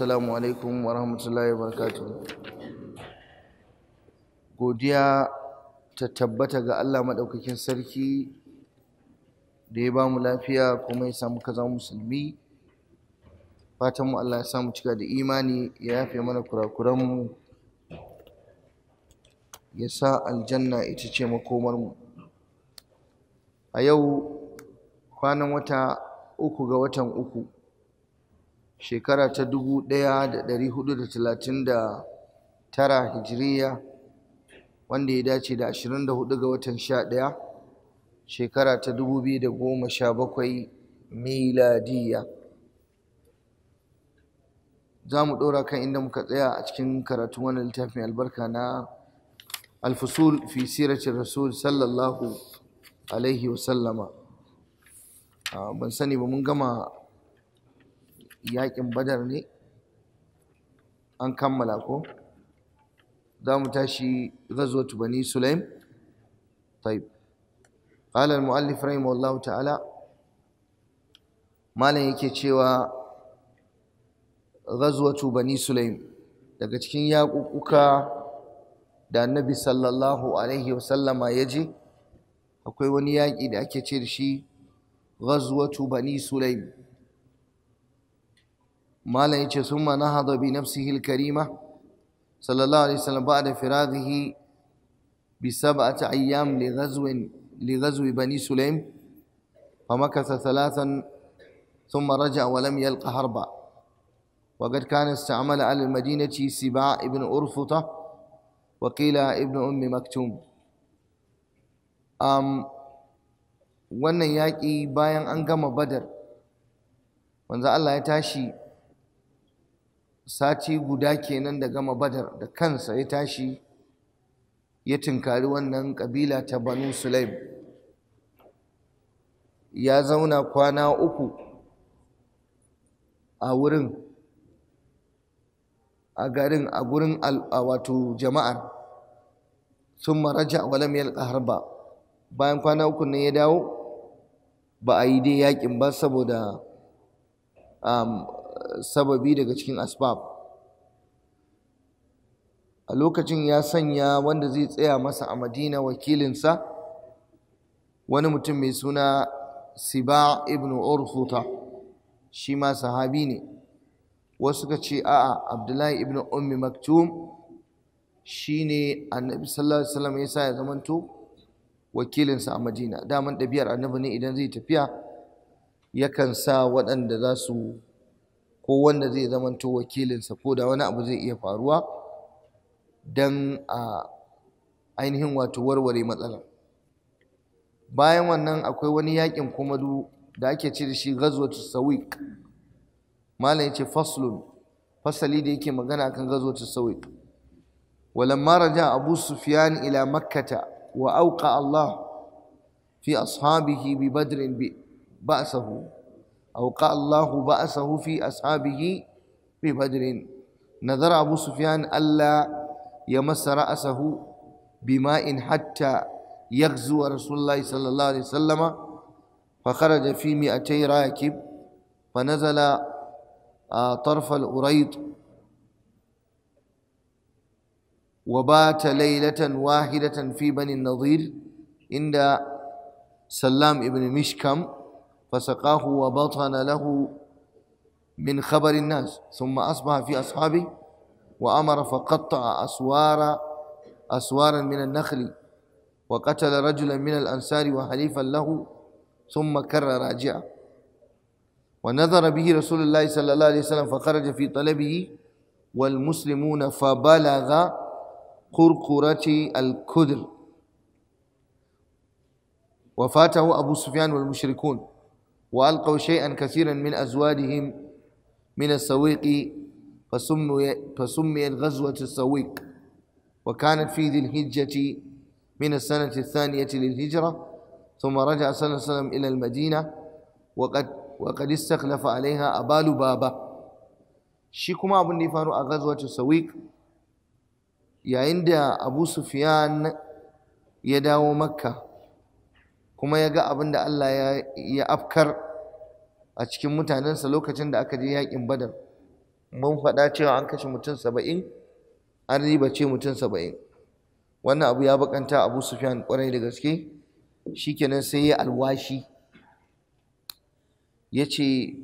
assalamu alaikum wa rahmatullahi wa godiya ta tabbata ga Allah maɗaukakin sarki da ya ba mu lafiya kuma ya samu kaza musulmi fatan mu Allah ya samu cika da imani ya yafe mana kurakuranmu ya sa aljanna ita ce makomarmu a yau kwanan wata uku ga watan uku shekara ta 1439 hijiriya wanda ya dace da ashirin 24 ga watan sha ɗaya, shekara ta sha 2017 miladiya za mu ɗora kan inda muka tsaya a cikin karatun wannan littafin albarka na alfusul fi siratin rasul sallallahu alaihi wasallama ah, ban sani ba mun gama yaƙin badar ne an kammala ko za mu tashi ghazwatu bani sulaim طيب قال mu'allif رحمه الله ta'ala, malam yake cewa ghazwatu bani sulaim daga cikin yaƙuƙuka da annabi sallallahu alaihi wasallama ya je akwai wani yaƙi da ake ce da shi ghazwatu bani sulaim malam yace summa nahada bi nafsihi al-karima sallallahu alaihi wasallam ba'da firadihi bi sab'ati ayyam li ghazwin li ghazwi bani sulaym فمكث ثلاثا ثم رجع ولم يلق هربا وقد كان استعمل على المدينة سباع ابن أرفطة وقيل ابن أم مكتوم um, wannan yaƙi bayan an gama badar wanzu Allah ya tashi sati guda kenan da gama badar da kansa ya tashi ya tunkari wannan kabila ta banu sulaim ya zauna kwana uku a wurin a garin a gurin wato jama'ar sun maraja walam harba bayan kwana uku ne ya dawo ba a yi dai yakin ba saboda um, sababi daga cikin asbab a lokacin ya sanya wanda zai tsaya masa a madina wakilinsa wani mutum mai suna siba ibn urfuta shi ma sahabi ne wasu ka ce a'a abdullahi ibn ummi maktum shi ne annabi sallallahu alaihi wasallam ya sa ya zamanto wakilinsa a madina daman ɗabi'ar annabi ne idan zai tafiya yakan sa waɗanda za su ko wanda zai zamanto wakilinsa ko da wani abu zai iya faruwa don a ainihin wato warware matsala. bayan wannan akwai wani yakin komadu da ake ce da shi ghazwatu sawiq malam yace faslun fasali da yake magana akan ghazwatu sawiq walamma raja abu sufyan ila makkata wa auqa allah fi ashabihi bi badrin bi ba'sahu أوقع الله بأسه في أصحابه في بدر نذر أبو سفيان ألا يمس رأسه بماء حتى يغزو رسول الله صلى الله عليه وسلم فخرج في مئتي راكب فنزل طرف الأريض وبات ليلة واحدة في بني النظير عند سلام ابن مشكم فسقاه وبطن له من خبر الناس ثم أصبح في أصحابه وأمر فقطع أسوار أسوارا من النخل وقتل رجلا من الأنصار وحليفا له ثم كر راجعا ونذر به رسول الله صلى الله عليه وسلم فخرج في طلبه والمسلمون فبلغ قرقرة الكدر وفاته أبو سفيان والمشركون وألقوا شيئا كثيرا من أزوادهم من السويق فسمي, فسمي الغزوة السويق وكانت في ذي الهجة من السنة الثانية للهجرة ثم رجع صلى الله عليه وسلم إلى المدينة وقد وقد استخلف عليها أبا بابا شكما أبو abin أغزوة السويق يا عند أبو سفيان يداو مكة kuma ya ga abin da Allah ya afkar a cikin mutanensa lokacin da aka je yakin badar mun faɗa cewa an kashe mutum saba'in an riba ce mutum saba'in wannan abu ya bakanta abu sufyan kwarai da gaske kenan sai ya alwashi ya ce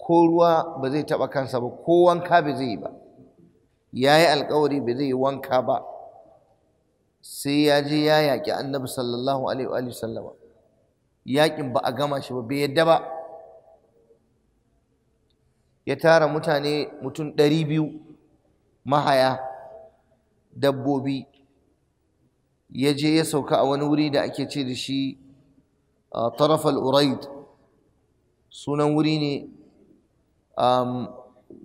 ko ruwa ba zai taɓa kansa ba ko wanka ba zai yi ba ya yi alkawari ba zai yi wanka ba sai ya je ya yaƙi annabi sallallahu alaihi wa sallama yakin ba a gama shi ba bai yadda ba ya tara mutane mutum ɗari biyu mahaya dabbobi ya je ya sauka a wani wuri da ake ce da shi tarafal uraid sunan wuri ne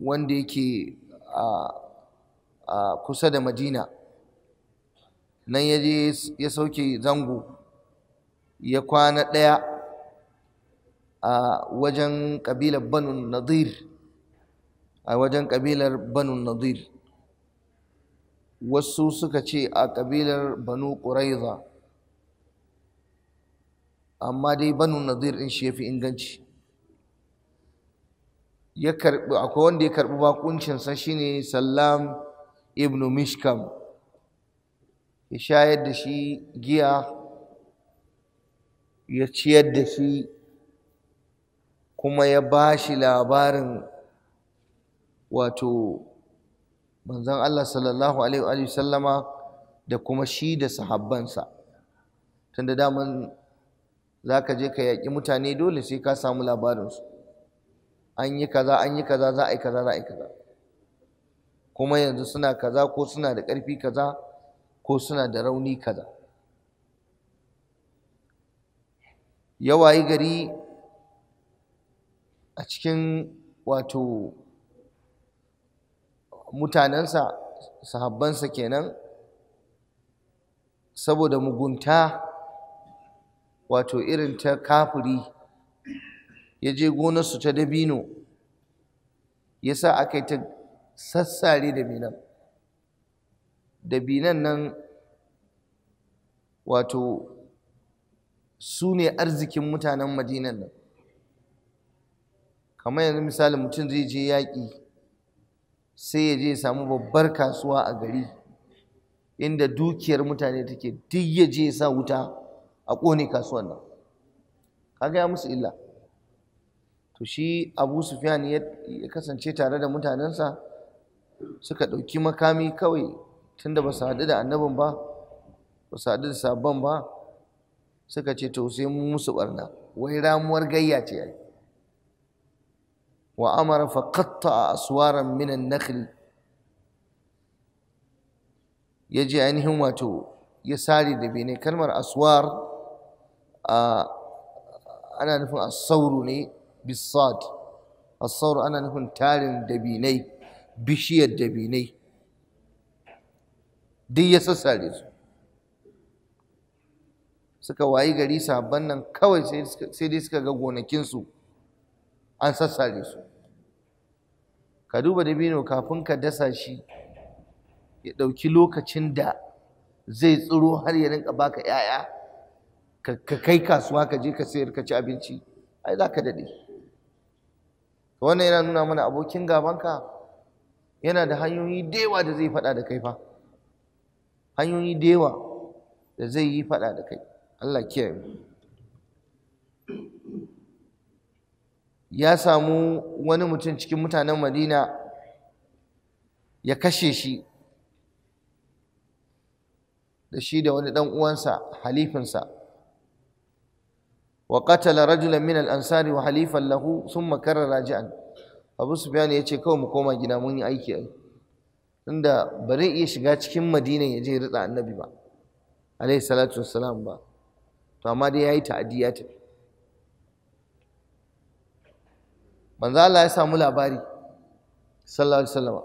wanda yake kusa da madina nan ya je ya sauke zango ya kwana ɗaya a wajen ƙabilar banu nadir a wajen ƙabilar banu nadir wasu suka ce a ƙabilar banu ƙuraiza amma dai banu nadir ɗin shi ya fi inganci akwai wanda ya karɓi bakuncinsa ne sallam Ibn mishkam ya shayar da shi giya ya ciyar da shi kuma ya ba shi labarin wato manzon Allah sallallahu alaihi sallama da kuma shi da sahabbansa da daman za ka je ka yaƙi mutane dole sai ka samu labarinsu an yi kaza an yi kaza za a yi kaza za a yi kaza kuma yanzu suna kaza ko suna da ƙarfi kaza ko suna da rauni kaza ya gari a cikin wato mutanensa sahabbansa kenan saboda mugunta wato irin ta kafuri, ya je gonarsu ta dabino ya sa aka yi ta sassare dabinan dabinan nan wato su ne arzikin mutanen madinan nan kamar yanzu misali mutum zai je yaƙi sai ya je ya samu babbar kasuwa a gari inda dukiyar mutane take duk ya je ya sa wuta a ƙone kasuwan nan kaga ya musu illa to shi abu sufyan ya kasance tare da mutanensa suka ɗauki makami kawai tunda ba su haɗu da annabin ba ba su haɗu da sabon ba suka ce to mu musu barna wai ramuwar gayya ce ai wa amara fa qatta aswaran min an-nakhl yaje ainihin wato ya sare da bene kalmar aswar a ana nufin asauru ne bisad asauru ana nufin tarin dabinai bishiyar dabinai duk ya sassare su suka wayi gari sabon nan kawai sai dai suka ga gonakinsu an sassare su ka duba dabino kafin ka dasa shi ya ɗauki lokacin da zai tsiro har ya rinka baka 'ya'ya ka kai kasuwa ka je ka sayar ka ci abinci ai za ka daɗe wannan yana nuna mana abokin gabanka yana da hanyoyi da da zai faɗa da kai fa hanyoyi da da zai yi faɗa da kai Allah kiyaye ya samu wani mutum cikin mutanen Madina ya kashe shi da shi da wani ɗan'uwansa, uwansa halifinsa wa ƙatala rajulan min al’ansari ansari wa halifan lahu sun makarar raji'an Abu ne ya ce kawai mu koma gida mun yi aiki ai Inda ba iya shiga cikin Madina ya je ritsa Annabi ba alaihi salatu wassalam ba to amma dai ya ta'adi ya tafi manzo Allah ya samu labari sallallahu alaihi wasallam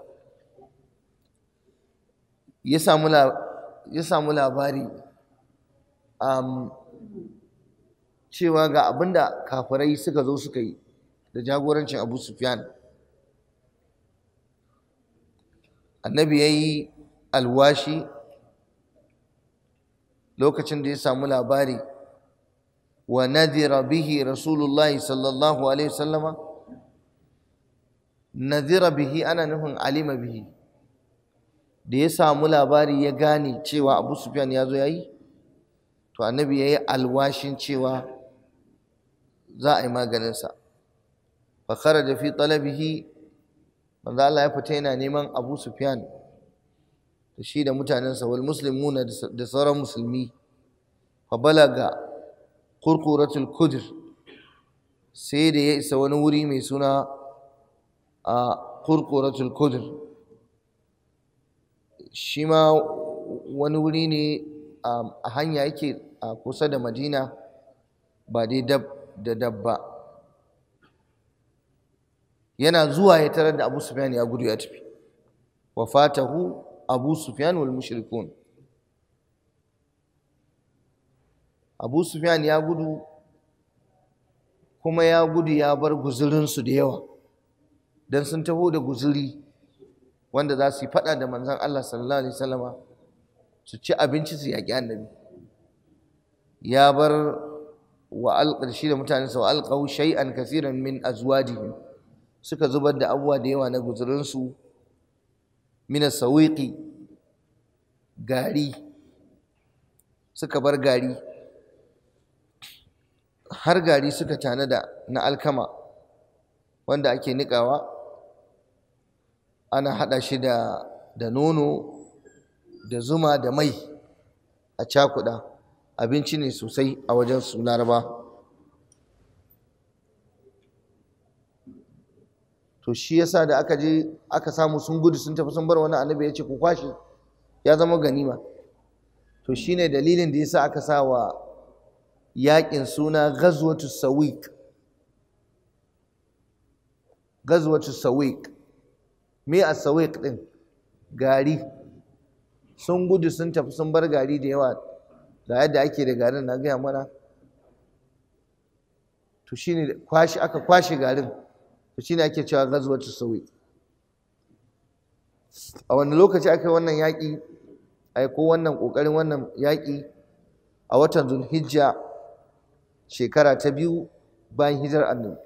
ya samu ya samu labari um, cewa ga abinda kafirai suka zo suka yi da jagorancin Abu Sufyan annabi ya yi alwashi lokacin da ya samu labari ونذر به رسول الله صلى الله عليه وسلم bihi ana nufin alimabihi. da ya samu labari ya gane cewa abu sufyan ya zo ya yi to annabi ya yi alwashin cewa za a yi maganinsa fakara da fi talabihi manzo Allah ya fita yana neman abu sufyan da shi da mutanensa wal muslimuna da sauran musulmi fa balaga qurquratul kudur sai da ya isa wani wuri mai suna a qurquratul kudur shi ma wani wuri ne a hanya yake a kusa da madina ba dai dab da dabba yana zuwa ya tarar da abu sufyan ya gudu ya tafi fatahu abu sufyan wal mushrikun abu sufyan ya gudu kuma ya gudu ya bar guzurinsu da yawa don sun taho da guzuri wanda za su yi faɗa da manzan Allah sallallahu alaihi wasallama su ci abinci su yaƙi annabi ya bar wa alƙarshi da mutanensa wa alƙau shay'an kasiran min azwajihim suka zubar da abubuwa da yawa na guzurinsu mina sawiqi gari suka bar gari har gari suka tanada na alkama wanda ake niƙawa ana haɗa shi da nono da zuma da mai a cakuɗa abinci ne sosai a wajen su laraba to shi yasa da aka je aka samu sun gudu sun tafi sun bar wani annabi ya ce ku kwashe ya zama ganima to shine dalilin da yasa aka sa wa yaƙin suna ghazwatu sawik ghazwatu sawik me a sawik din gari sun gudu sun tafi sun bar gari da yawa da yadda ake da garin na gaya mana to shine kwashi aka kwashi garin to shine ake cewa ghazwatu sawik a wani lokaci aka yi wannan yaƙi ai ko wannan ƙoƙarin wannan yaƙi a watan zulhijja shekara ta biyu bayan hijirar annabi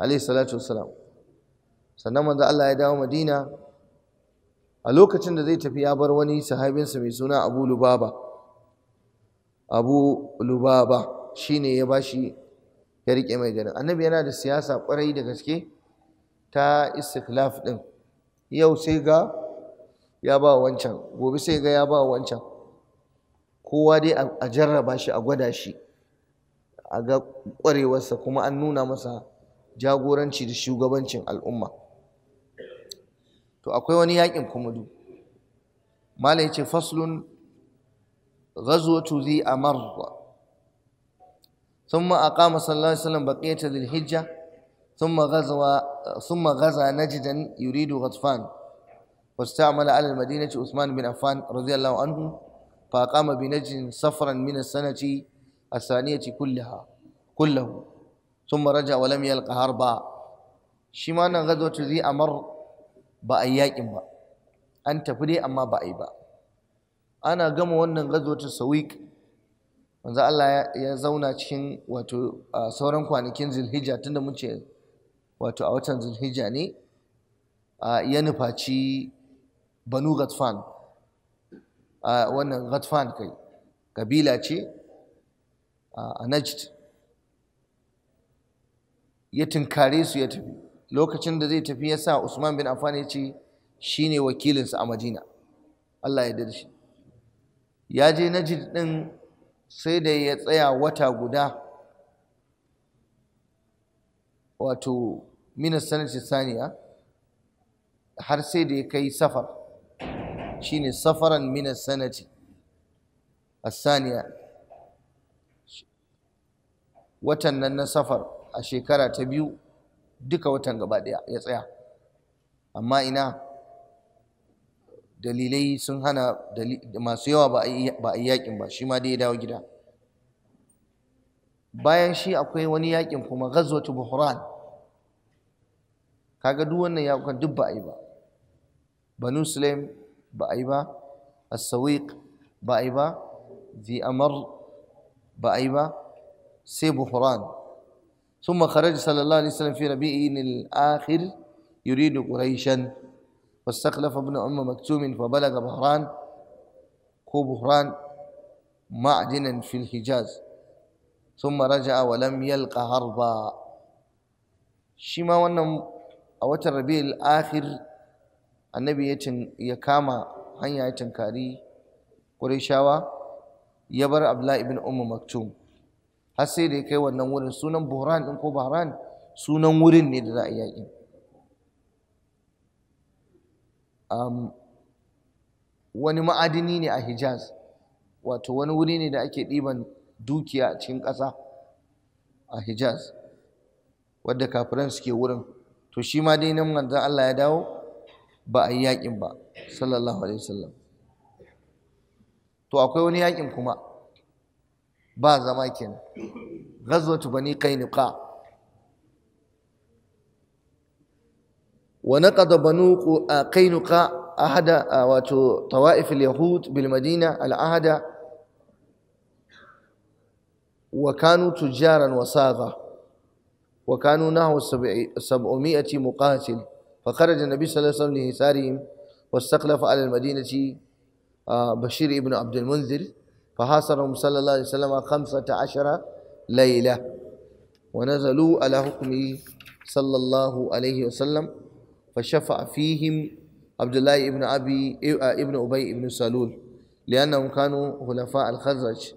alaihi salatu wassalam sannan manzo Allah ya dawo Madina a lokacin da zai tafi ya bar wani sahabinsa mai suna Abu Lubaba Abu Lubaba shine ya bashi ya rike mai ganin annabi yana da siyasa kwarai da gaske ta istiklaf din yau sai ga ya ba wancan gobe sai ga ya ba wancan kowa dai a jarraba shi a gwada shi a ga ƙwarewarsa kuma an nuna masa jagoranci da shugabancin al'umma to akwai wani yakin kumudu malai ce faslun ghazwatu zi amar ثم أقام صلى الله عليه وسلم بقية ذي الحجة ثم غزا ثم غزا نجدا يريد غطفان واستعمل على المدينة عثمان بن عفان رضي الله عنه فأقام بنجد صفرا من السنة الثانية كلها كله ثم رجع ولم amar هربا شما غزوة ذي أمر بأياك ما أنت فدي أما بأيبا أنا قم وانا غزوة السويك manzo Allah ya zauna cikin sauran kwanakin Zulhijja tunda mun ce wato a watan Zulhijja ne ya nufaci Banu Ghatfan wannan Ghatfan kai kabila ce a najd ya tunkare su ya tafi lokacin da zai tafi ya sa usman bin affan ya ce shine wakilinsa a madina allah ya dirshi ya je najd din sai da ya tsaya wata guda wato minas sanati saniya har sai da ya kai safar Shi ne safaran minas sanati Saniya. watan nan na safar a shekara ta biyu duka watan gaba ɗaya ya tsaya amma ina dalilai sun hana masu yawa ba a yi yakin ba shi ma dai ya dawo gida bayan shi akwai wani yakin kuma ghazwatu buhran kaga duk wannan yakukan duk ba a yi ba banu sulaim ba a yi ba as-sawiq ba a yi ba zi'amar ba a yi ba sai Quran. Summa kharaj sallallahu alaihi wasallam fi rabi'in al-akhir yuridu Quraisyan. Wastakhlaf ibn Umm Maktum fa balagha Bahran. ko Bahran ma'adinan fi al-Hijaz. Summa raja'a wa lam yalqa harba. Shima wannan a watan Rabi' al-akhir annabi ya tin ya kama hanya ya tankari Quraishawa ya bar Abdullah ibn Umm Maktum. har sai da ya kai wannan wurin sunan buhran ɗin ko bahran sunan wurin ne da za a yaƙi wani ma'adini ne a hijaz wato wani wuri ne da ake ɗiban dukiya a cikin ƙasa a hijaz wadda kafiran suke wurin to shi ma dai nan Allah ya dawo ba a yi yaƙin ba sallallahu alaihi wasallam to akwai wani yaƙin kuma ba zama kenan ghazwatu bani qainuqa wa naqada banu qainuqa ahada wato tawaif al-yahud bil madina al-ahada wa kanu tujaran wasagha wa kanu nahu 700 muqatil فخرج النبي صلى الله عليه وسلم لهسارهم واستخلف على المدينة بشير ابن عبد المنذر فحاصرهم صلى الله عليه وسلم خمسة عشر ليلة ونزلوا على حكمه صلى الله عليه وسلم فشفع فيهم عبد الله ابن أبي ابن أبي ابن سلول لأنهم كانوا خلفاء الخزرج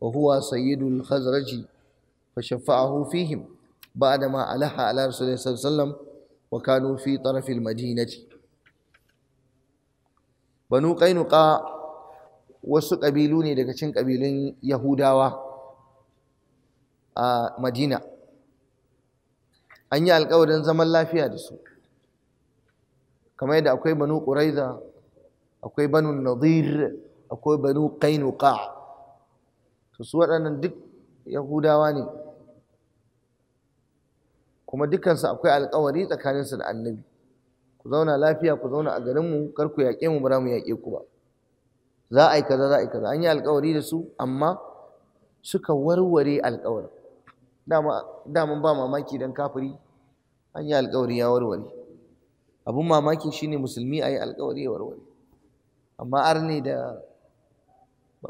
وهو سيد الخزرج فشفعه فيهم بعدما ألح على رسول الله صلى الله عليه وسلم وكانوا في طرف المدينة بنو قينقاع wasu ƙabilu ne daga cin ƙabilun yahudawa a madina an yi alkawarin zaman lafiya da su kamar yadda akwai banu ƙuraiza akwai banu nadir akwai banu kainuka to su waɗannan duk yahudawa ne kuma dukansu akwai alkawari tsakaninsu da annabi ku zauna lafiya ku zauna a garinmu kar ku yaƙe mu ba mu yaƙe ku ba za a yi kaza za a yi kaza an yi alkawari da su amma suka warware alkawarin dama ba mamaki don kafiri an yi alkawari ya warware abun mamaki shine musulmi a yi alkawari ya warware amma arne da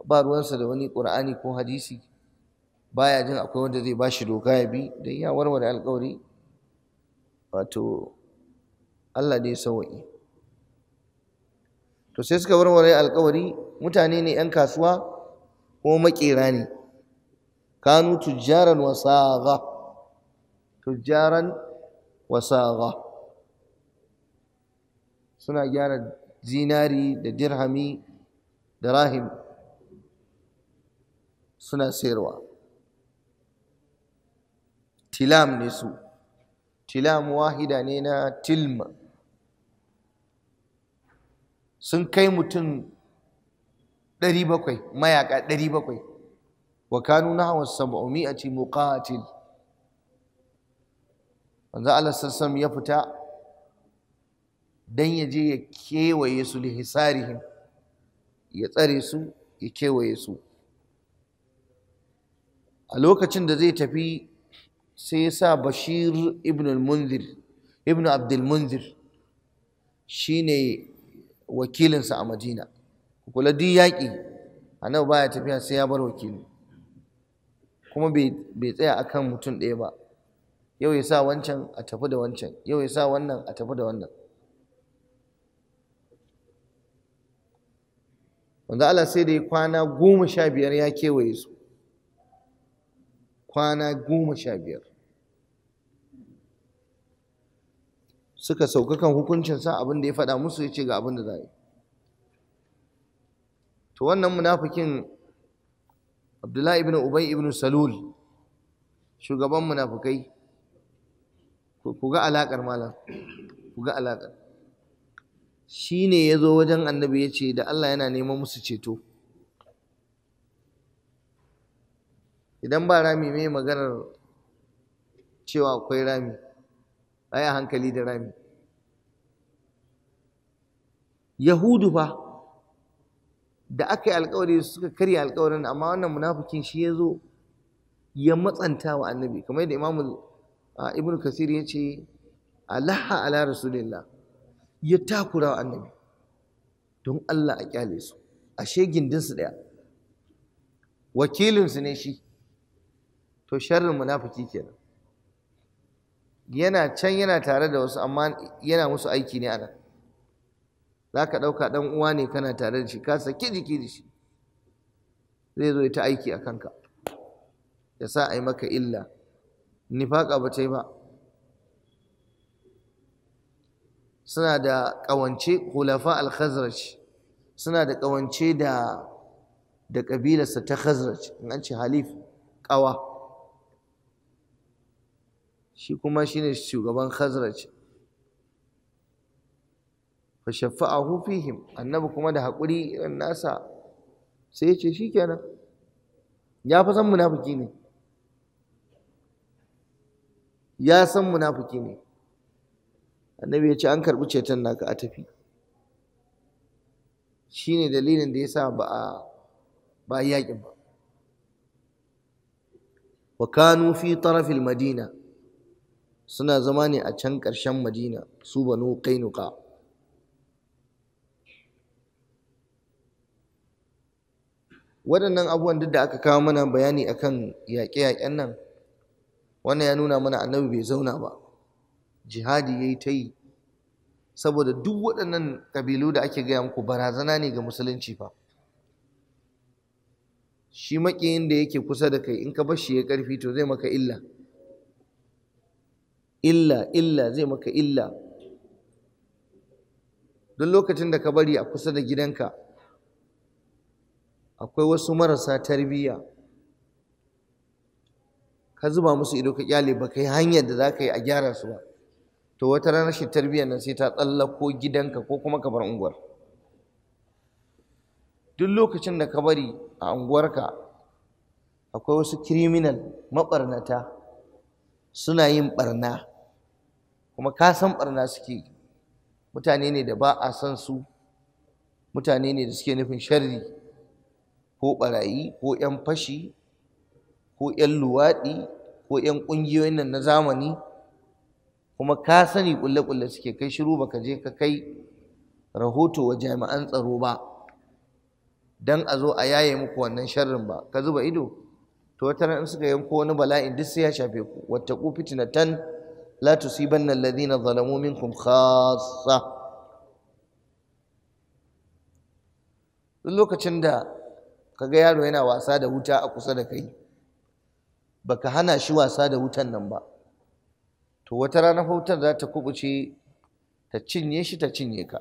ba ruwansa da wani ƙur'ani ko hadisi baya jin akwai wanda zai ba shi doka ya bi don ya warware alkawari wato Allah ya sawa'i to sai suka warware alkawari mutane ne yan kasuwa ko makera ne kanu tujjaran wasaga tujjaran wasaga suna gyara zinari da dirhami da rahim suna sayarwa tilam ne su tilam wahida ne na tilma sun kai mutum 700 mayaka 700 wa kanu a 700 muqatil manzo Allah sallallahu ya fita dan yaje ya kewaye su lihisarihim ya tsare su ya kewaye su a lokacin da zai tafi sai ya sa Bashir ibn al-Munzir ibn shine wakilinsa a madina kula duk yaƙi annabi baya tafiya sai ya bar wakili kuma bai tsaya a kan mutum ɗaya ba yau ya sa wancan a tafi da wancan yau ya sa wannan a tafi da wannan wanda Allah sai da ya kwana goma sha biyar ya kewaye su kwana goma sha biyar suka sauka kan hukuncinsa abin da ya faɗa musu ya ce ga abin da za yi to wannan munafikin abdullahi ibn ubay ibn salul shugaban munafikai ku ga alaƙar malam ku ga alaƙar shi ne ya zo wajen annabi ya ce da allah yana neman musu ceto idan ba rami mai maganar cewa akwai rami aya hankali da rami yahudu fa da aka yi alkawari suka karya alkawarin amma wannan munafikin shi ya zo ya matsanta wa annabi kamar yadda imamu ibn kasir ya ce alaha ala rasulillah ya takura wa annabi don allah a kyale su ashe gindinsu ɗaya wakilinsu ne shi to sharrin munafiki kenan yana can yana tare da wasu amma yana musu aiki ne a nan za ka ɗauka ɗan uwa ne kana tare da shi ka saki jiki da shi zai zo ta aiki a kanka ya sa a yi maka illa nifaƙa ba ta yi ba suna da ƙawance hulafa al suna da ƙawance da da ƙabilarsa ta khazraj in an ce halif ƙawa shi kuma shi ne shugaban khazraj fa shafa'ahu fihim annabi kuma da hakuri irin nasa sai ya ce kenan ya fa san munafiki ne ya san munafiki ne annabi ya ce an karɓi ceton naka a tafi shi ne dalilin da ya sa ba a ba yaƙin ba wa kanu fi tarafil madina suna zama ne a can ƙarshen madina su banu kainuka waɗannan abubuwan duk da aka kawo mana bayani akan yaƙe-yaƙen nan wannan ya nuna mana annabi bai zauna ba jihadi ya yi ta yi saboda duk waɗannan ƙabilu da ake gaya muku barazana ne ga musulunci fa shi maƙiyin da yake kusa da kai in ka bar shi ya ƙarfi to zai maka illa illa illa zai maka illa don lokacin da ka bari a kusa da gidanka akwai wasu marasa tarbiyya ka zuba musu ido ka kyale ba yi hanyar da za ka yi a gyara su ba to wata ranar shi tarbiyyar nan sai ta tsallako gidanka ko kuma ka bar unguwar duk lokacin da ka bari a unguwarka akwai wasu kiriminal maɓarnata suna yin ɓarna kuma ka san barna suke mutane ne da ba a san su mutane ne da suke nufin shari, ko barayi ko 'yan fashi ko 'yan luwaɗi ko 'yan ƙungiyoyin nan na zamani kuma ka sani ƙulle-ƙulle suke kai shiru baka je ka kai rahoto wa jami'an tsaro ba don a zo a yaye muku wannan sharrin ba ka zuba ido to wata in suka yanko wani bala'in duk sai ya shafe ku wattaqu tan? la bannan alladhina zalamu minkum khassa duk lokacin da kaga yaro yana wasa da wuta a kusa da kai baka hana shi wasa da wutan nan ba to wata rana wutar za ta kubuce ta cinye shi ta cinye ka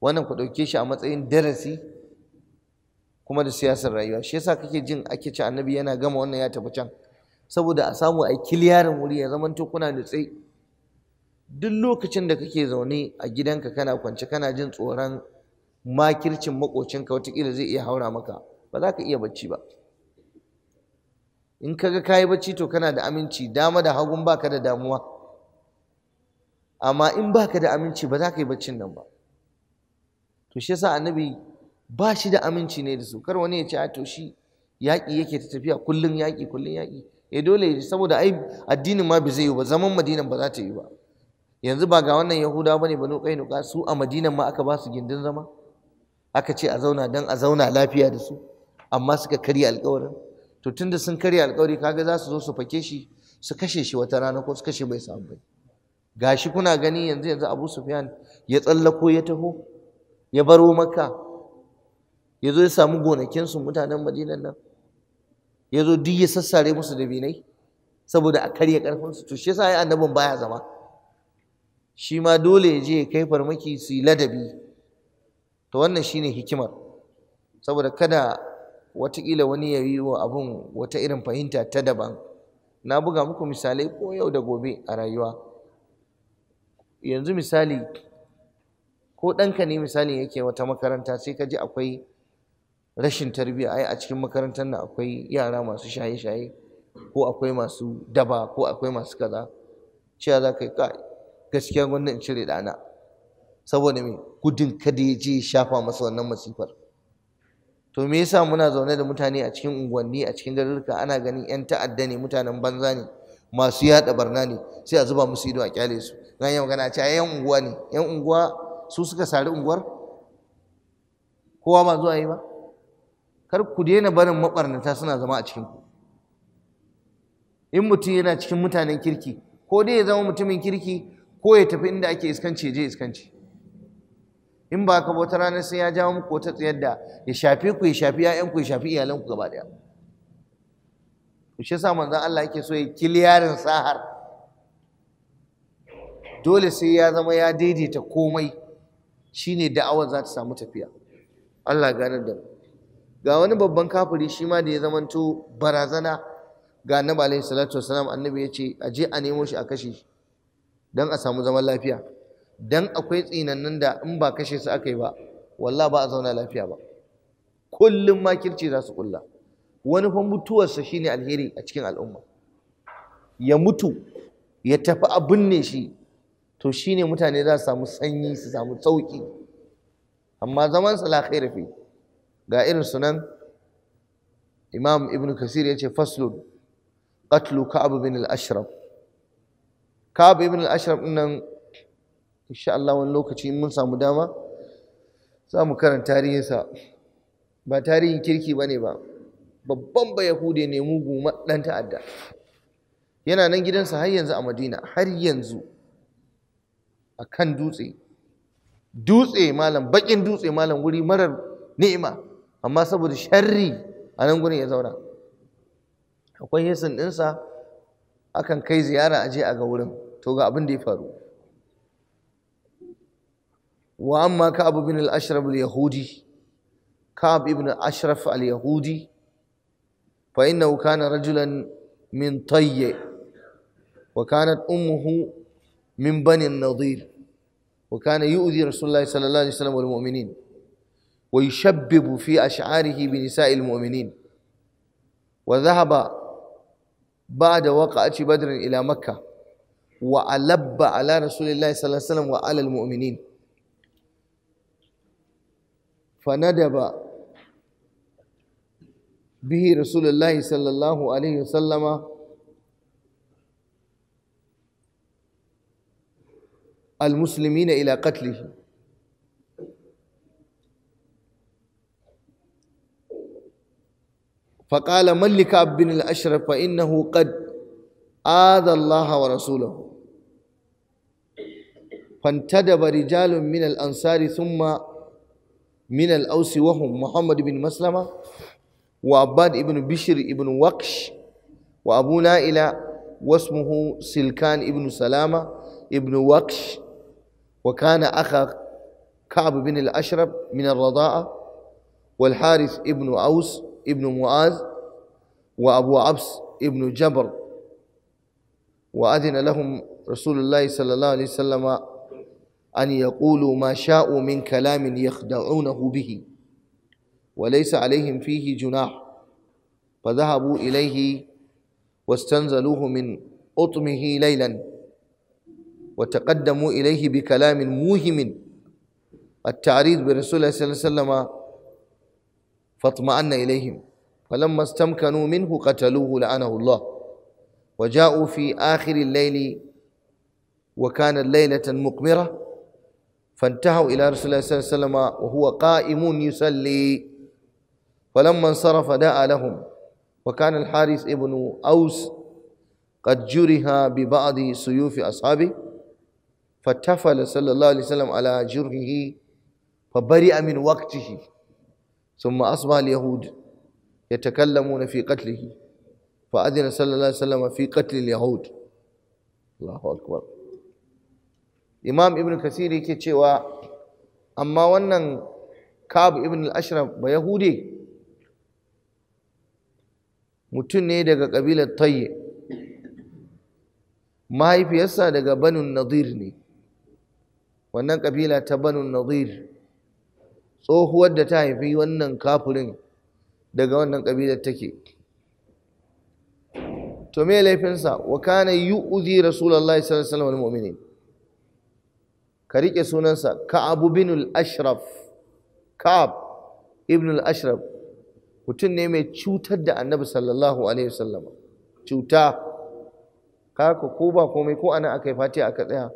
wannan ku ɗauke shi a matsayin darasi kuma da siyasar rayuwa shi yasa kake jin ake ci annabi yana gama wannan ya tafi can saboda a samu a kiliyarin wuri ya tokuna kuna nutse duk lokacin da kake zaune a gidanka kana kwance kana jin tsoron makircin makocinka watakila zai iya haura maka ba za ka iya bacci ba in kaga kayi bacci to kana da aminci dama da hagun baka da damuwa amma in baka da aminci ba za ka yi baccin nan ba to shi yasa annabi ba shi da aminci ne da su kar wani ya ce a to shi yaƙi yake ta tafiya kullum yaƙi kullum yaƙi ya eh, dole saboda ai addinin ma ba zai yi ba zaman madinan ba za ta yi ba yanzu ba ga wannan yahuda bane banu qainuqa su a madinan ma aka ba su gindin zama aka ce a zauna dan a zauna lafiya da su amma suka karya alƙawarin to tunda sun karya alƙawari kaga za su zo su fake shi su kashe shi wata rana ko su kashe bai samu bai gashi kuna gani yanzu yanzu Abu Sufyan ya tsallako ya taho ya baro Makka ya zo ya samu gonakin su mutanen Madinan nan ya zo duk ya sassare musu da binai saboda a karya ƙarfinsu to shi yasa ai annabin baya zama shi ma dole ya je ya kai farmaki su yi ladabi to wannan shine hikimar saboda kada watakila wani ya yi wa abun wata irin fahimta ta daban na buga muku misalai ko yau da gobe a rayuwa yanzu misali ko ɗanka ne misali yake wata makaranta sai ka ji akwai rashin tarbiyya ai a cikin makarantar nan akwai yara masu shaye-shaye ko akwai masu daba ko akwai masu kaza cewa za ka yi ka gaskiya cire dana saboda me gudun kada ya je shafa masa wannan masifar to me yasa muna zaune da mutane a cikin unguwanni a cikin garuruka ana ganin yan ta'adda ne mutanen banza ne masu yada barna ne sai a zuba musu ido a kyale su zan yau gana cewa yan unguwa ne yan unguwa su suka sari unguwar kowa ba zuwa yi ba kar ku daina barin mabarnata suna zama a cikin in mutum yana cikin mutanen kirki ko dai ya zama mutumin kirki ko ya tafi inda ake iskanci je iskanci in ba ka bauta ranar sai ya jawo muku wata tsayar da ya shafe ku ya shafi 'ya'yanku ya shafi iyalanku gaba ɗaya shi yasa manzon Allah yake so ya kiliyarin sahar dole sai ya zama ya daidaita komai shine da'awar za ta samu tafiya Allah ganar da mu ga wani babban kafiri shi ma da ya zamanto barazana ga annabi alaihi salatu wasalam annabi ya ce a je a nemo shi a kashe shi don a samu zaman lafiya don akwai tsinannin da in ba kashe su aka yi ba wallah ba a zauna lafiya ba kullum makirci za su kulla wani fa mutuwarsa shine alheri a cikin al'umma ya mutu ya tafi a binne shi to shine mutane za su samu sanyi su samu sauki amma zaman sa la ga irin sunan imam ibn kasir ya ce faslun qatlu ka'ab bin al-ashraf ka'ab ibn al-ashraf nan insha Allah wani lokaci mun samu dama za mu karanta tarihinsa ba tarihin kirki bane ba babban ba yahudi ne mugu dan ta'adda yana nan gidansa har yanzu a madina har yanzu a kan dutse dutse malam bakin dutse malam wuri marar ni'ima amma saboda sharri a nan gurin ya zauna akwai hisin ɗinsa akan kai ziyara a je a ga wurin to ga abin da ya faru wa amma ka abu bin al-ashraf al-yahudi كعب ابن أشرف اليهودي فإنه كان رجلا من طي وكانت أمه من بني وكان يؤذي رسول الله صلى الله عليه وسلم والمؤمنين ويشبب في أشعاره بنساء المؤمنين وذهب بعد وقعة بدر إلى مكة وألب على رسول الله صلى الله عليه وسلم وعلى المؤمنين فندب به رسول الله صلى الله عليه وسلم المسلمين إلى قتله فقال ملك بن الأشرف فإنه قد آذى الله ورسوله فانتدب رجال من الأنصار ثم من الأوس وهم محمد بن مسلمة وعباد بن بشر بن وقش وأبو نائلة واسمه سلكان بن سلامة بن وقش وكان أخا كعب بن الأشرف من الرضاعة والحارث بن أوس ابن معاذ وأبو عبس ابن جبر وأذن لهم رسول الله صلى الله عليه وسلم أن يقولوا ما شاءوا من كلام يخدعونه به وليس عليهم فيه جناح فذهبوا إليه واستنزلوه من قطمه ليلا وتقدموا إليه بكلام موهم التعريض برسول الله صلى الله عليه وسلم fatma'anna ilaihim falamma istamkanu minhu qataluhu la'anahu Allah wa ja'u fi akhir al-layl wa kana laylatan muqmira فانتهوا إلى رسول الله صلى الله عليه وسلم وهو قائم يصلي فلما انصرف دعا لهم وكان الحارث ابن أوس قد جرح ببعض سيوف أصحابه فتفل صلى الله عليه وسلم على جرحه فبرئ من وقته ثم أصبح اليهود يتكلمون في قتله فأذن صلى الله عليه وسلم في قتل اليهود الله أكبر إمام ابن كثير يكتشوا أما ونن كاب ابن الأشرف بيهودي mutum ne daga ƙabilar tayye mahaifiyarsa daga banun nadir ne wannan ƙabila ta banun nadir tsohuwar da ta haifi wannan kafirin daga wannan ƙabilar take to me laifinsa wa kana yu'zi rasulullahi sallallahu alaihi wasallam mu'minin ka rike sunansa ka'ab bin al-ashraf ka'ab ibn al-ashraf mutum ne mai cutar da annabi sallallahu alaihi wasallam cuta kaka ko ba komai ko ana akai fatiha aka tsaya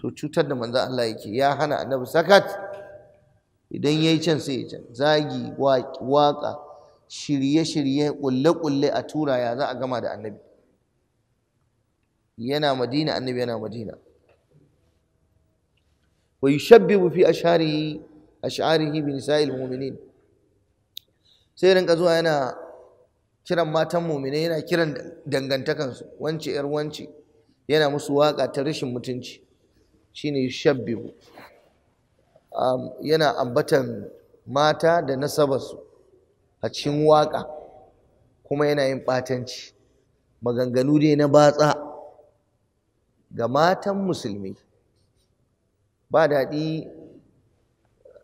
to cutar da manzo Allah yake ya hana annabi sakat idan ya yi can sai ya can zagi waka shirye-shirye kulle-kulle a tura ya za a gama da annabi yana madina annabi yana madina wa yushabbibu fi a asharihi bin sa'il mu'minin sai rinka zuwa yana kiran matan mu'minai yana kiran dangantakansu wance yar wance yana musu waka ta rashin mutunci shine yushabbibu Um, yana ambatan mata da nasabarsu a cikin waƙa kuma yana yin ɓatanci maganganu ne na batsa ga matan musulmi ba daɗi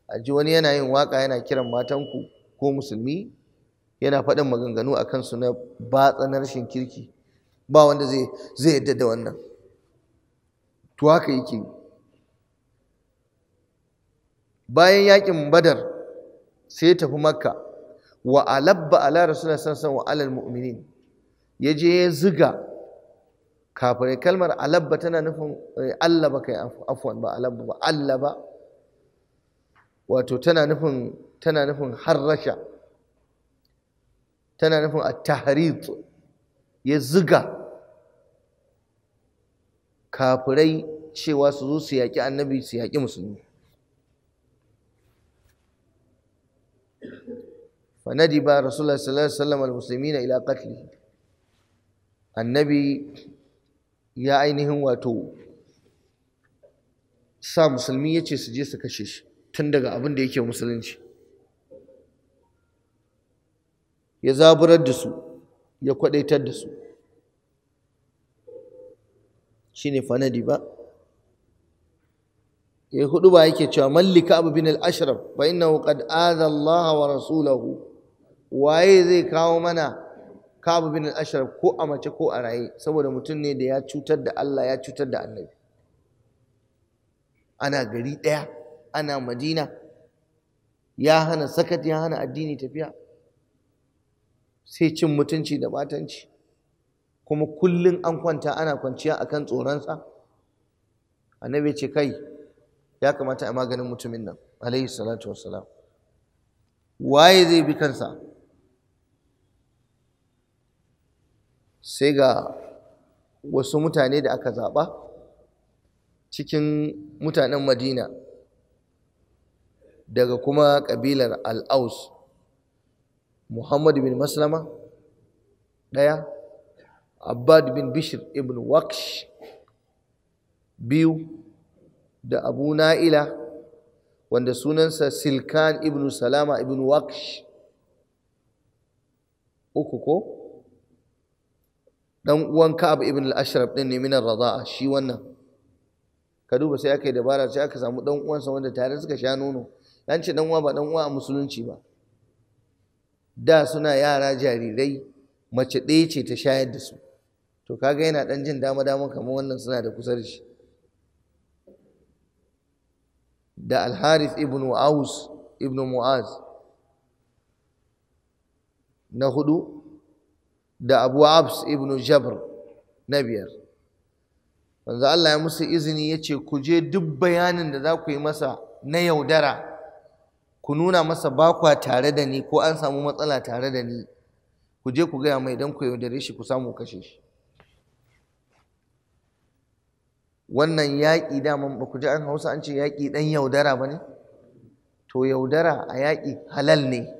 a ji wani yana yin waƙa yana kiran matanku ko musulmi yana faɗin maganganu a kansu na batsa na rashin kirki ba wanda zai yadda da wannan to haka yake yi bayan yakin badar sai ya tafi makka wa alabba ala rasulullah sallallahu alaihi wa mu'minin ya je ya ziga kafirai kalmar alabba tana nufin eh, allaba kai afwan ba alabba ba allaba wato tana nufin tana nufin harrasha tana nufin at-tahrit ya ziga kafirai cewa su zo su yaƙi annabi su yaƙi musulmi فندب رسول الله صلى الله عليه وسلم المسلمين إلى قتله النبي يا عينهم واتو sa musulmi yace ce su je su kashe shi tun daga abin da yake musulunci ya zaburar da su ya kwadaitar da su shi ne fanadi ba ya hudu ba yake cewa mallika abu bin al-ashraf fa innahu qad adha Allah wa rasulahu waye zai kawo mana kabu bin al-ashraf ko a mace ko a raye saboda mutum ne da ya cutar da Allah ya cutar da annabi ana gari ɗaya ana madina ya hana sakat ya hana addini tafiya sai cin mutunci da batanci kuma kullum an kwanta ana kwanciya akan tsoronsa annabi ce kai ya kamata a maganin mutumin nan alaihi salatu wassalam waye zai bi kansa sai ga wasu mutane da aka zaɓa cikin mutanen madina daga kuma ƙabilar al'aus muhammad bin maslama ɗaya abbad bin bishir ibn waksh biyu da abu na'ila wanda sunansa silkan ibn salama ibn waksh uku ko Ɗan uwan Ka'ab ibn al-Ashraf din ne min ar shi wannan ka duba sai aka yi dabara sai aka samu dan uwansa wanda tare suka sha nono dan ce dan uwa ba dan uwa a musulunci ba da suna yara jarirai mace ɗaya ce ta shayar da su to kaga yana ɗan jin dama dama kamar wannan suna da kusa da shi da al-Harith ibn Aus ibn Mu'az na hudu da abu abs ibn jabr na biyar wanzu Allah ya musu izini ya ce ku je duk bayanin da za ku yi masa na yaudara ku nuna masa bakwa tare da ni ko an samu matsala tare da ni ku je ku gaya mai don ku yaudare shi ku samu kashe shi wannan yaƙi daman ba ku ji an hausa an ce yaƙi ɗan yaudara ba ne to yaudara a yaƙi halal ne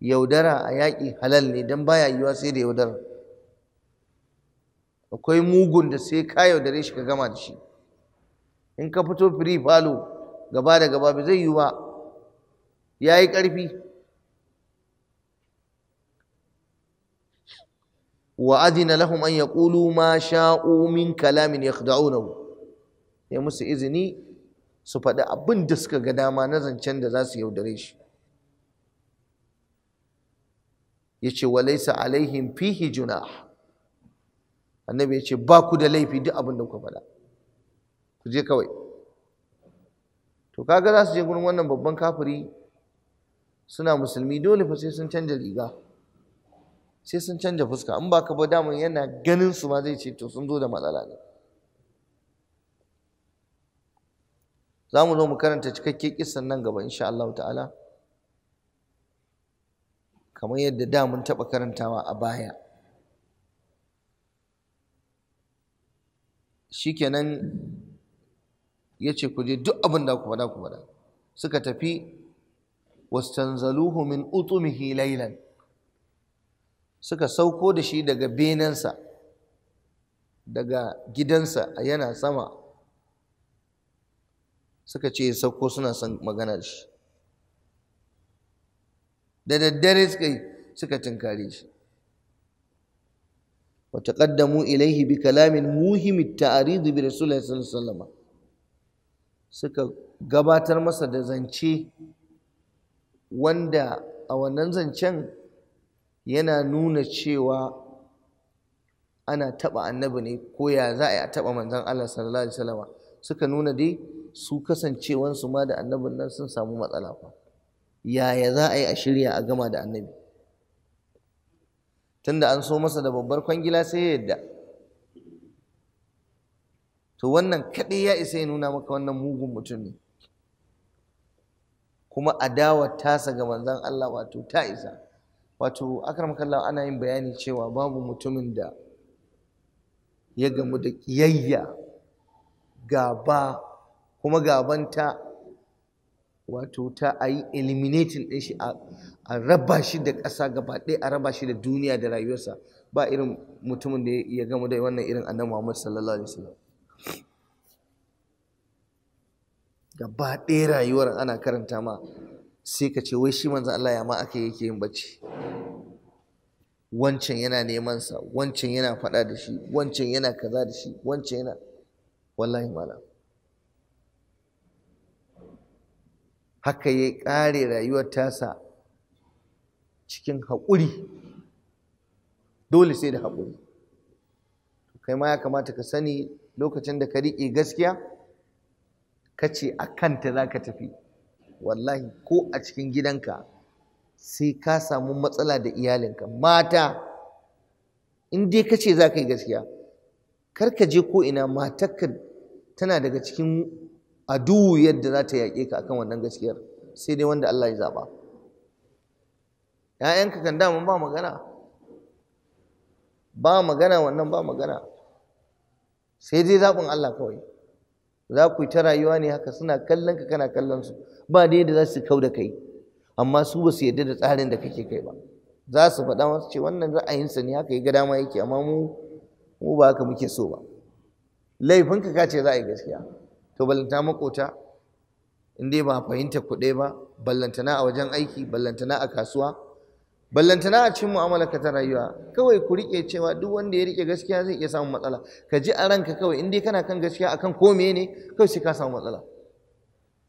yaudara a yaƙi halal ne don baya yiwuwa sai da yaudara akwai mugun da sai ka yaudare shi ka gama da shi in ka fito firi falo gaba da gaba ba zai yiwu ba ya yi ƙarfi wa adina lahum an yaqulu ma sha'u min kalamin yakhda'unahu ya musu izini su faɗi abin da suka ga dama na zancen da za su yaudare shi Ya yace walaisa alaihim fihi juna. annabi ya ce ba ku da laifi duk abin da kuka faɗa ku je kawai to kaga za su je gurin wannan babban kafiri suna musulmi dole fa sai sun canja riga sai sun canja fuska in ba ka ba daman yana ganin su ma zai ce to sun zo da matsala ne za mu zo mu karanta cikakke kisan nan gaba insha Allah ta'ala kamar yadda da mun taɓa karantawa a baya shikenan ya ce ku je duk abin da ku faɗa ku faɗa suka tafi wastanzaluhu min utumihi laylan suka sauko da shi daga benensa daga gidansa yana sama suka ce sauko suna son magana da shi da daddare suka yi suka tinkare shi wata taqaddamu ilaihi bi kalamin muhim ta'aridu bi rasulai sallallahu suka gabatar masa da zance wanda a wannan zancen yana nuna cewa ana taɓa annabi ne ko ya za a yi a taɓa manzan Allah sallallahu alaihi suka nuna dai su kasancewansu ma da annabin nan sun samu matsala yaya za a yi a shirya a gama da annabi tunda an so masa da babbar kwangila sai ya yadda to wannan kaɗai ya isa ya nuna maka wannan mugun mutum ne kuma adawar tasa ga manzon Allah wato ta isa wato akram kallawa ana yin bayani cewa babu mutumin da ya gamu da kiyayya gaba kuma gabanta wato ta a yi eliminating ɗin shi a raba shi da ƙasa gaba ɗaya a raba shi da duniya da rayuwarsa ba irin mutumin da ya gama da wannan irin annabi Muhammad sallallahu alaihi wasallam gaba ɗaya rayuwar ana karanta ma sai ka ce wai shi manzo Allah ya ma aka yake yin bacci wancan yana neman sa wancan yana faɗa da shi wancan yana kaza da shi wancan yana wallahi malam haka ya ƙare rayuwar tasa cikin haƙuri dole sai da haƙuri kai ma ya kamata ka sani lokacin da ka riƙe gaskiya ka ce a kanta za ka tafi wallahi ko a cikin gidanka sai ka samu matsala da iyalinka mata in dai ka ce za ka yi gaskiya kar ka je ko ina matarka tana daga cikin adu yadda za ta yaƙe ka akan wannan gaskiyar sai dai wanda Allah ya zaɓa ‘ya'yanka kan damun ba magana ba magana wannan ba magana sai dai zaɓin Allah kawai za ku yi ta rayuwa ne haka suna kallon ka kana kallon su ba dai da za su kau da kai amma su ba su yarda da tsarin da kake kai ba za su faɗa masu ce wannan ra'ayinsa ne haka ya ga dama yake amma mu mu ba haka muke so ba laifinka ka ce za a yi gaskiya to ballanta makota in dai ba fahimta kuɗe ba Ballanta na a wajen aiki Ballanta na a kasuwa Ballanta na a cikin mu'amala ka ta rayuwa kawai ku rike cewa duk wanda ya rike gaskiya zai iya samun matsala ka ji a ranka kawai in dai kana kan gaskiya akan ko ne kawai sai ka samu matsala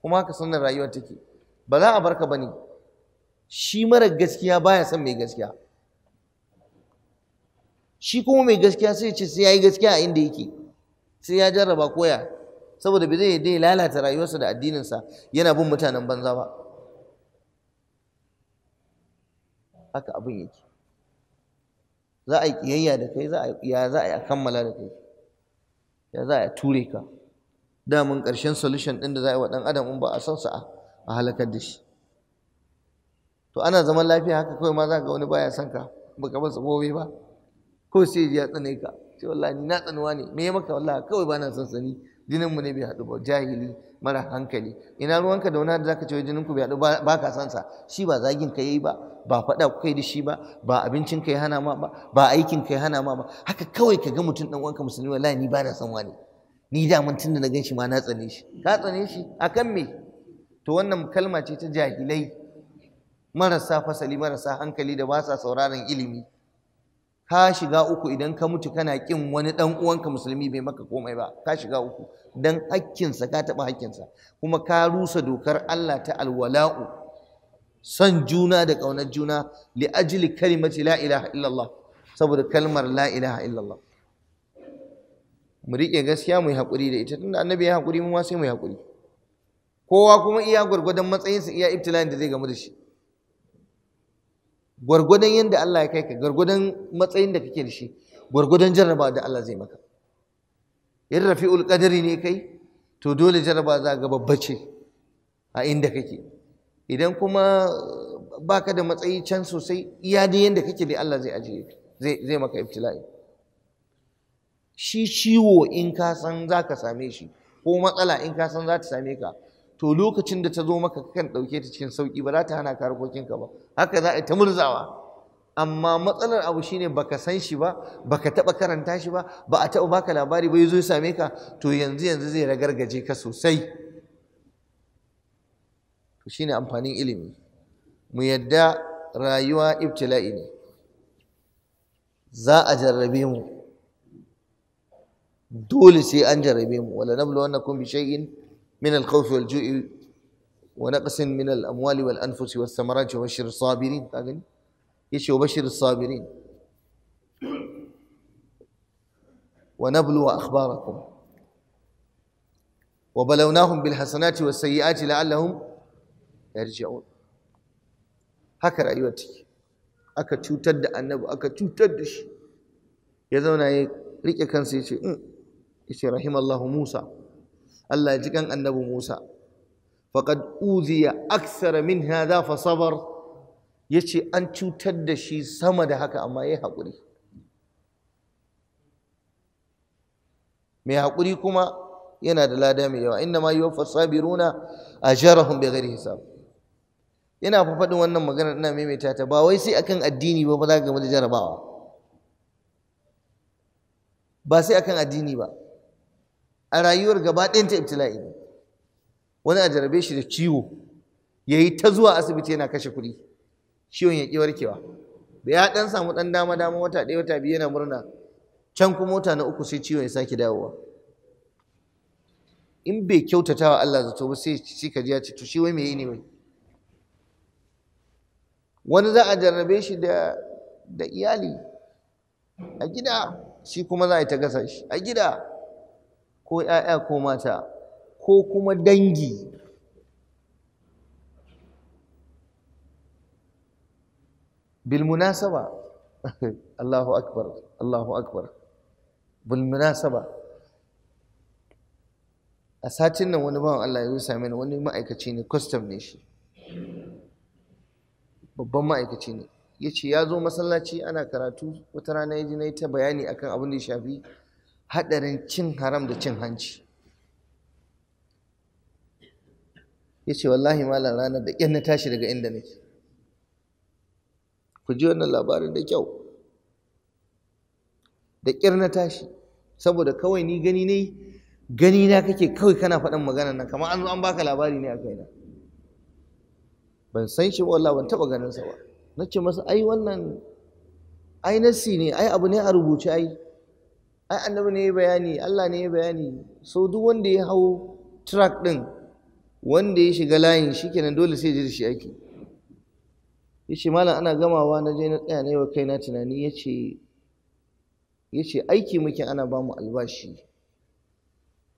kuma haka sannan rayuwar take ba za a barka bane shi mara gaskiya baya son mai gaskiya shi kuma mai gaskiya sai ce sai ya yi gaskiya a inda yake sai ya jarraba koya saboda bai zai dai lalata rayuwarsa da addininsa yana bin mutanen banza ba haka abin yake za a yi kiyayya da kai ya za a yi a kammala da kai ya za a ture ka damun ƙarshen solution ɗin da za a yi wa ɗan adam in ba a san sa a halakar da shi to ana zaman lafiya haka kawai ma za ka wani baya son ka baka masa gobe ba ko sai ya tsane ka sai wallahi ni na tsanuwa ne me ya maka wallahi kawai ba na son sani jininmu ne bai haɗu ba jahili mara hankali ina ruwanka da wani da zaka ce jinin ku bai haɗu ba ka san sa shi ba zagin ka yayi ba ba faɗa ku kai da shi ba ba abincin ka ya hana ma ba ba aikin ka ya hana ma ba haka kawai ka ga mutum dan uwanka musulmi wallahi ni ba na san wani ni da mun tunda na gan shi ma na tsane shi ka tsane shi akan me to wannan kalma ce ta jahilai marasa fasali marasa hankali da ba sa sauraron ilimi ka shiga uku idan ka mutu kana kin wani ɗan uwanka musulmi bai maka komai ba ka shiga uku don hakkinsa ka taɓa hakkinsa kuma ka rusa dokar Allah ta alwala'u son juna da ƙaunar juna li ajli kalimati la ilaha illallah saboda kalmar la ilaha illallah mu riƙe gaskiya mu yi haƙuri da ita tunda annabi ya haƙuri mu ma sai mu yi haƙuri kowa kuma iya gwargwadon matsayinsa iya ibtila'in da zai gamu da shi gwargwadon yadda Allah ya kai ka gwargwadon matsayin da kake da shi gwargwadon jarraba da Allah zai maka yadda rafi ulƙadari ne kai to dole jarraba za ga babba ce a inda kake idan kuma baka da matsayi can sosai iya da yadda kake da Allah zai ajiye zai zai maka ibtila'i shi ciwo in ka san za ka same shi ko matsala in ka san za ta same ka to lokacin da ta zo maka kan ɗauke ta cikin sauƙi ba za ta hana ka harkokinka ba haka za a yi ta murzawa amma matsalar abu shine baka san shi ba baka taba karanta shi ba ba a taba baka labari ba yazo ya same ka to yanzu yanzu zai ragargaje ka sosai to shine amfanin ilimi mu yadda rayuwa ibtila'i ne za a jarrabe mu dole sai an jarrabe mu wala nablu annakum bi shay'in من الخوف والجوع ونقص من الأموال والأنفس والثمرات وبشر الصابرين يشي وبشر الصابرين ونبلو أخباركم وبلوناهم بالحسنات والسيئات لعلهم يرجعون haka rayuwar take aka cutar da annabi aka cutar da shi ya zauna ya rike kansa ya ce in ya ce rahimallahu musa Allah ya ji kan annabi Musa faqad uziya aksara min hadha fa sabar yace an cutar da shi sama da haka amma yayi hakuri mai hakuri kuma yana da lada mai yawa inna ma yuwaffa sabiruna ajrahum bighairi hisab ina fa faɗin wannan magana ina maimaita ta ba wai sai akan addini ba ba za ka gama da jarabawa ba sai akan addini ba a rayuwar gaba ɗayanta ibtila'i ne wani a jarabe shi da ciwo ya yi ta zuwa asibiti yana kashe kuɗi ciwon ya ƙi warkewa da ya ɗan samu ɗan dama dama wata ɗaya wata biyu yana murna can kuma wata na uku sai ciwon ya sake dawowa in bai kyautata wa Allah zato ba sai shi ka ji ya ce to shi wai me yi ne wai wani za a jarrabe shi da da iyali a gida shi kuma za a yi ta gasa shi a gida ko ‘ya'ya ko mata ko kuma dangi bilmunasaba Allahu akbar Allahu akbar bilmunasaba a satin nan wani bawan Allah ya same ni wani ma'aikaci ne custom ne shi babban ma'aikaci ne ya ce ya zo masallaci ana karatu wata rana ya ji na yi ta bayani akan abin da ya shafi haɗarin cin haram da cin hanci ya ce wallahi malam ranar da na tashi daga inda nake ku ji wannan labarin da kyau da ƙyar na tashi saboda kawai ni gani ne gani na kake kawai kana faɗin maganar nan kamar an zo an baka labari ne a kaina ban san shi ba wallahi ban taɓa ganin sa ba na ce masa ai wannan ai nasi ne ai abu ne a rubuce ai ai annabi ne ya bayani Allah ne ya bayani so duk wanda ya hau track din wanda ya shiga layin shi shikenan dole sai ji da shi ake ce malam ana gamawa na je na tsaya ne wa kaina tunani yace ce aiki muke ana ba mu albashi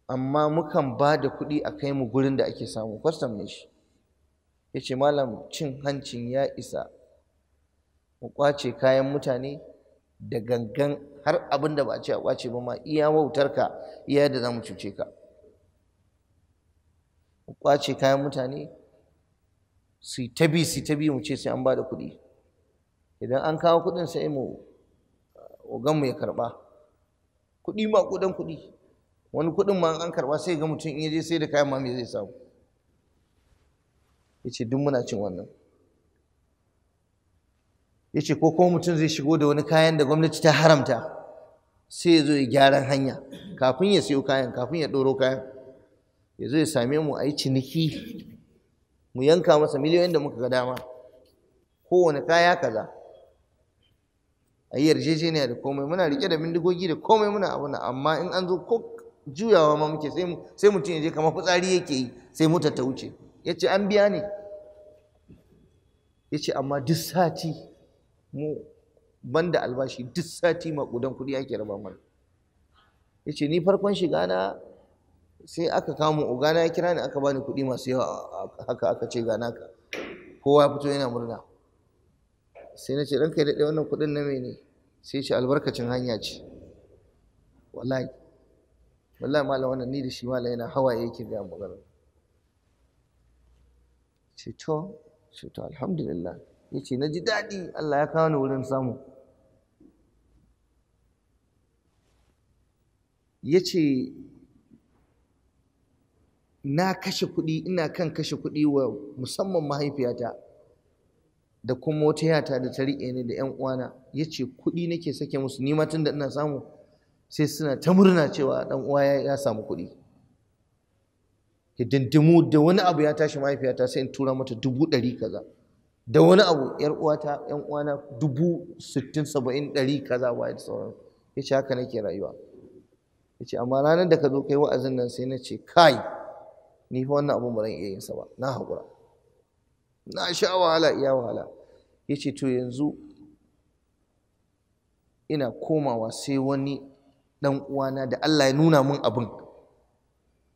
amma mukan ba da kuɗi a kai mu gurin da ake samu kwastam ne shi Ya ce malam cin hancin ya isa mu kwace kayan mutane da gangan har abin da ba a ce a kwace ba ma iya wautar ka iya da za mu cuce ka mu kwace kayan mutane su yi tabi su tabi mu ce sai an ba da kuɗi idan an kawo kuɗin sai mu ogan mu ya karɓa kuɗi ma kuɗin kuɗi wani kuɗin ma an karɓa sai ga mutum in ya je sai da kayan ma me zai samu ya ce duk muna cin wannan ya ce ko kuma mutum zai shigo da wani kayan da gwamnati ta haramta sai ya zo ya gyaran hanya kafin ya siyo kayan kafin ya ɗoro kayan ya zo ya same mu a yi ciniki mu yanka masa miliyoyin da muka ga dama kowane kaya kaza a yi yarjejeniya da komai muna rike da bindigogi da komai muna abuna amma in an zo ko juyawa ma muke sai mutum ya je kamar fitsari yake yi sai mutar ta wuce ya ce an biya ne ya ce amma duk sati mu banda albashi duk sati maƙudan kuɗi ake raba mana yace ni farkon shiga na sai aka kamo ogana ya kira ni aka bani kuɗi masu yawa haka aka ce ga naka kowa ya fito yana murna sai na ce ranka kai daɗe wannan kuɗin na mene sai ce albarkacin hanya ce wallahi wallahi malam wannan ni da shi malam yana hawaye yake ga magana ce to ce to alhamdulillah ya ce na ji daɗi Allah ya kawo ni wurin samu ya ce na kashe kuɗi ina kan kashe kuɗi wa musamman mahaifiyata da kuma wata yata da ta riƙe ni da 'yan uwana ya ce kuɗi nake sake musu nima tun da ina samu sai suna ta murna cewa ɗan uwa ya samu kuɗi hidindimu da wani abu ya tashi mahaifiyata sai in tura mata dubu ɗari kaza da wani abu yar uwata yan uwana dubu sittin saba'in ɗari kaza ba da sauran ya ce haka nake rayuwa ya ce amma ranar da ka zo kai wa'azin nan sai na ce kai ni fa wannan abun ba zan iya yin sa ba na haƙura na sha wahala iya wahala ya ce to yanzu ina komawa sai wani ɗan uwana da Allah ya nuna min abin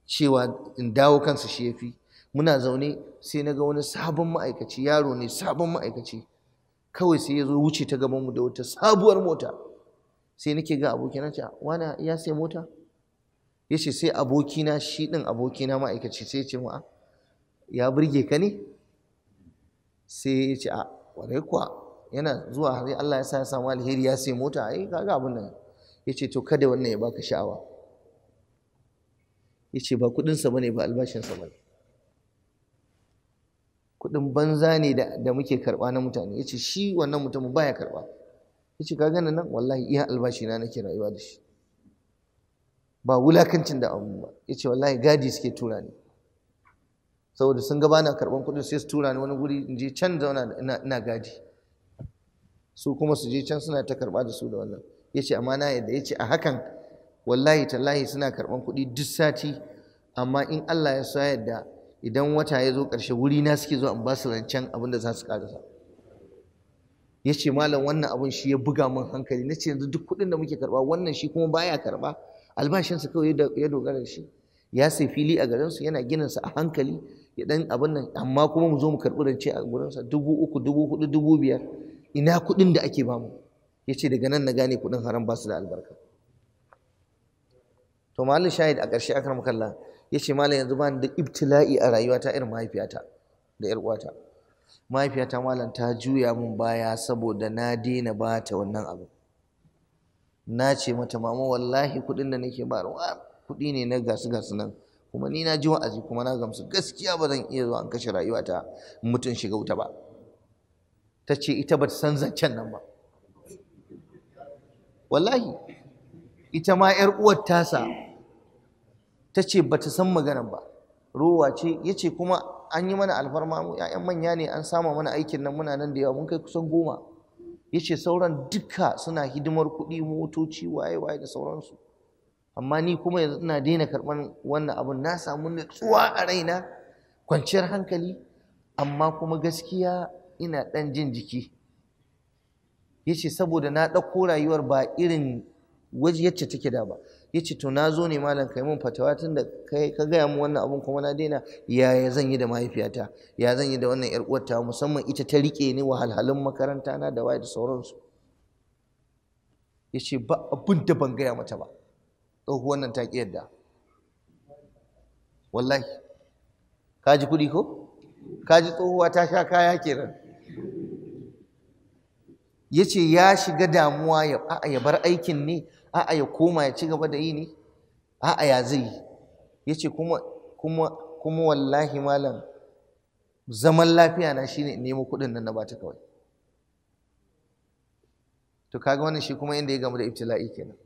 cewa in dawo kansa shi ya fi muna zaune sai na ga wani sabon ma'aikaci yaro ne sabon ma'aikaci kawai sai ya zo wuce ta gaban mu da wata sabuwar mota sai nake ga aboki na ce wana ya sai mota ya ce sai abokina shi aboki abokina ma'aikaci sai ya ce ma ya burge ka ne sai ya ce a warai kuwa yana zuwa har Allah ya sa ya samu alheri ya sai mota ai kaga abin nan ya ce to kada wannan ya baka sha'awa ya ce ba kuɗinsa bane ba albashinsa bane kuɗin banza ne da muke karɓa na mutane ya ce shi wannan mutumin baya karɓa ya ce kaga nan wallahi iya albashi na nake rayuwa da shi ba wulakancin da abu ba ya ce wallahi gadi suke tura ni saboda sun gaba na karɓan kuɗin sai su tura ni wani guri in je can zauna ina gadi su kuma su je can suna ta karɓa da su da wannan ya ce amma na yadda ya ce a hakan wallahi tallahi suna karɓan kuɗi duk sati amma in Allah ya sa yadda idan wata ya zo ƙarshe wuri na suke zo in ba su rancen abin da za su ƙarasa ya ce malam wannan abin shi ya buga min hankali na ce yanzu duk kuɗin da muke karɓa wannan shi kuma baya karɓa albashinsa kawai ya dogara da shi ya sai fili a garinsu yana ginansa a hankali ya ɗan abin nan amma kuma mu zo mu karɓi rance a gurinsa dubu uku dubu huɗu dubu biyar ina kuɗin da ake bamu ya ce daga nan na gane kuɗin haram ba su da albarka to malam shahid a ƙarshe akar kallan. ya ce malam yanzu bani da ibtila'i a rayuwata irin mahaifiyata da yar uwata mahaifiyata malam ta juya mun baya saboda na daina ba ta wannan abu na ce mata mama wallahi kuɗin da nake ba kuɗi ne na gasu gasu nan kuma ni na ji wa'azi kuma na gamsu gaskiya ba zan iya zuwa an kashe rayuwata mutum shiga wuta ba ta ce ita ba ta san zancen nan ba wallahi ita ma 'yar uwar tasa ta ce ba ta san maganar ba rowa ce ya ce kuma an yi mana alfarma mu ‘ya'yan manya ne an sama mana aikin nan muna nan da yawa mun kai kusan goma ya ce sauran duka suna hidimar kuɗi motoci waye waye da sauransu amma ni kuma yanzu ina daina karɓar wannan abun na samu natsuwa a raina kwanciyar hankali amma kuma gaskiya ina ɗan jin jiki ya ce saboda na ɗauko rayuwar ba irin waje yacce take da ba ya ce to na zo ne malam kai mun fatawa tun da ka gaya mu wannan abun kuma na daina yaya zan yi da mahaifiyata ya zan yi da wannan yar uwarta musamman ita ta rike ni wahalhalun makaranta na da waye da sauransu ya ce ba abin da ban gaya mata ba tsohuwan wannan ta ƙi yadda wallahi ka ji kuɗi ko ka ji tsohuwa ta sha kaya kenan ya ce ya shiga damuwa ya a'a ya bar aikin ne a'a ya koma ya ci gaba da yi ne a'a ya zai yi ya ce kuma wallahi malam zaman lafiya na shine in nemo kuɗin nan na bata kawai to kaga wannan shi kuma inda ya gamu da ibtila'i kenan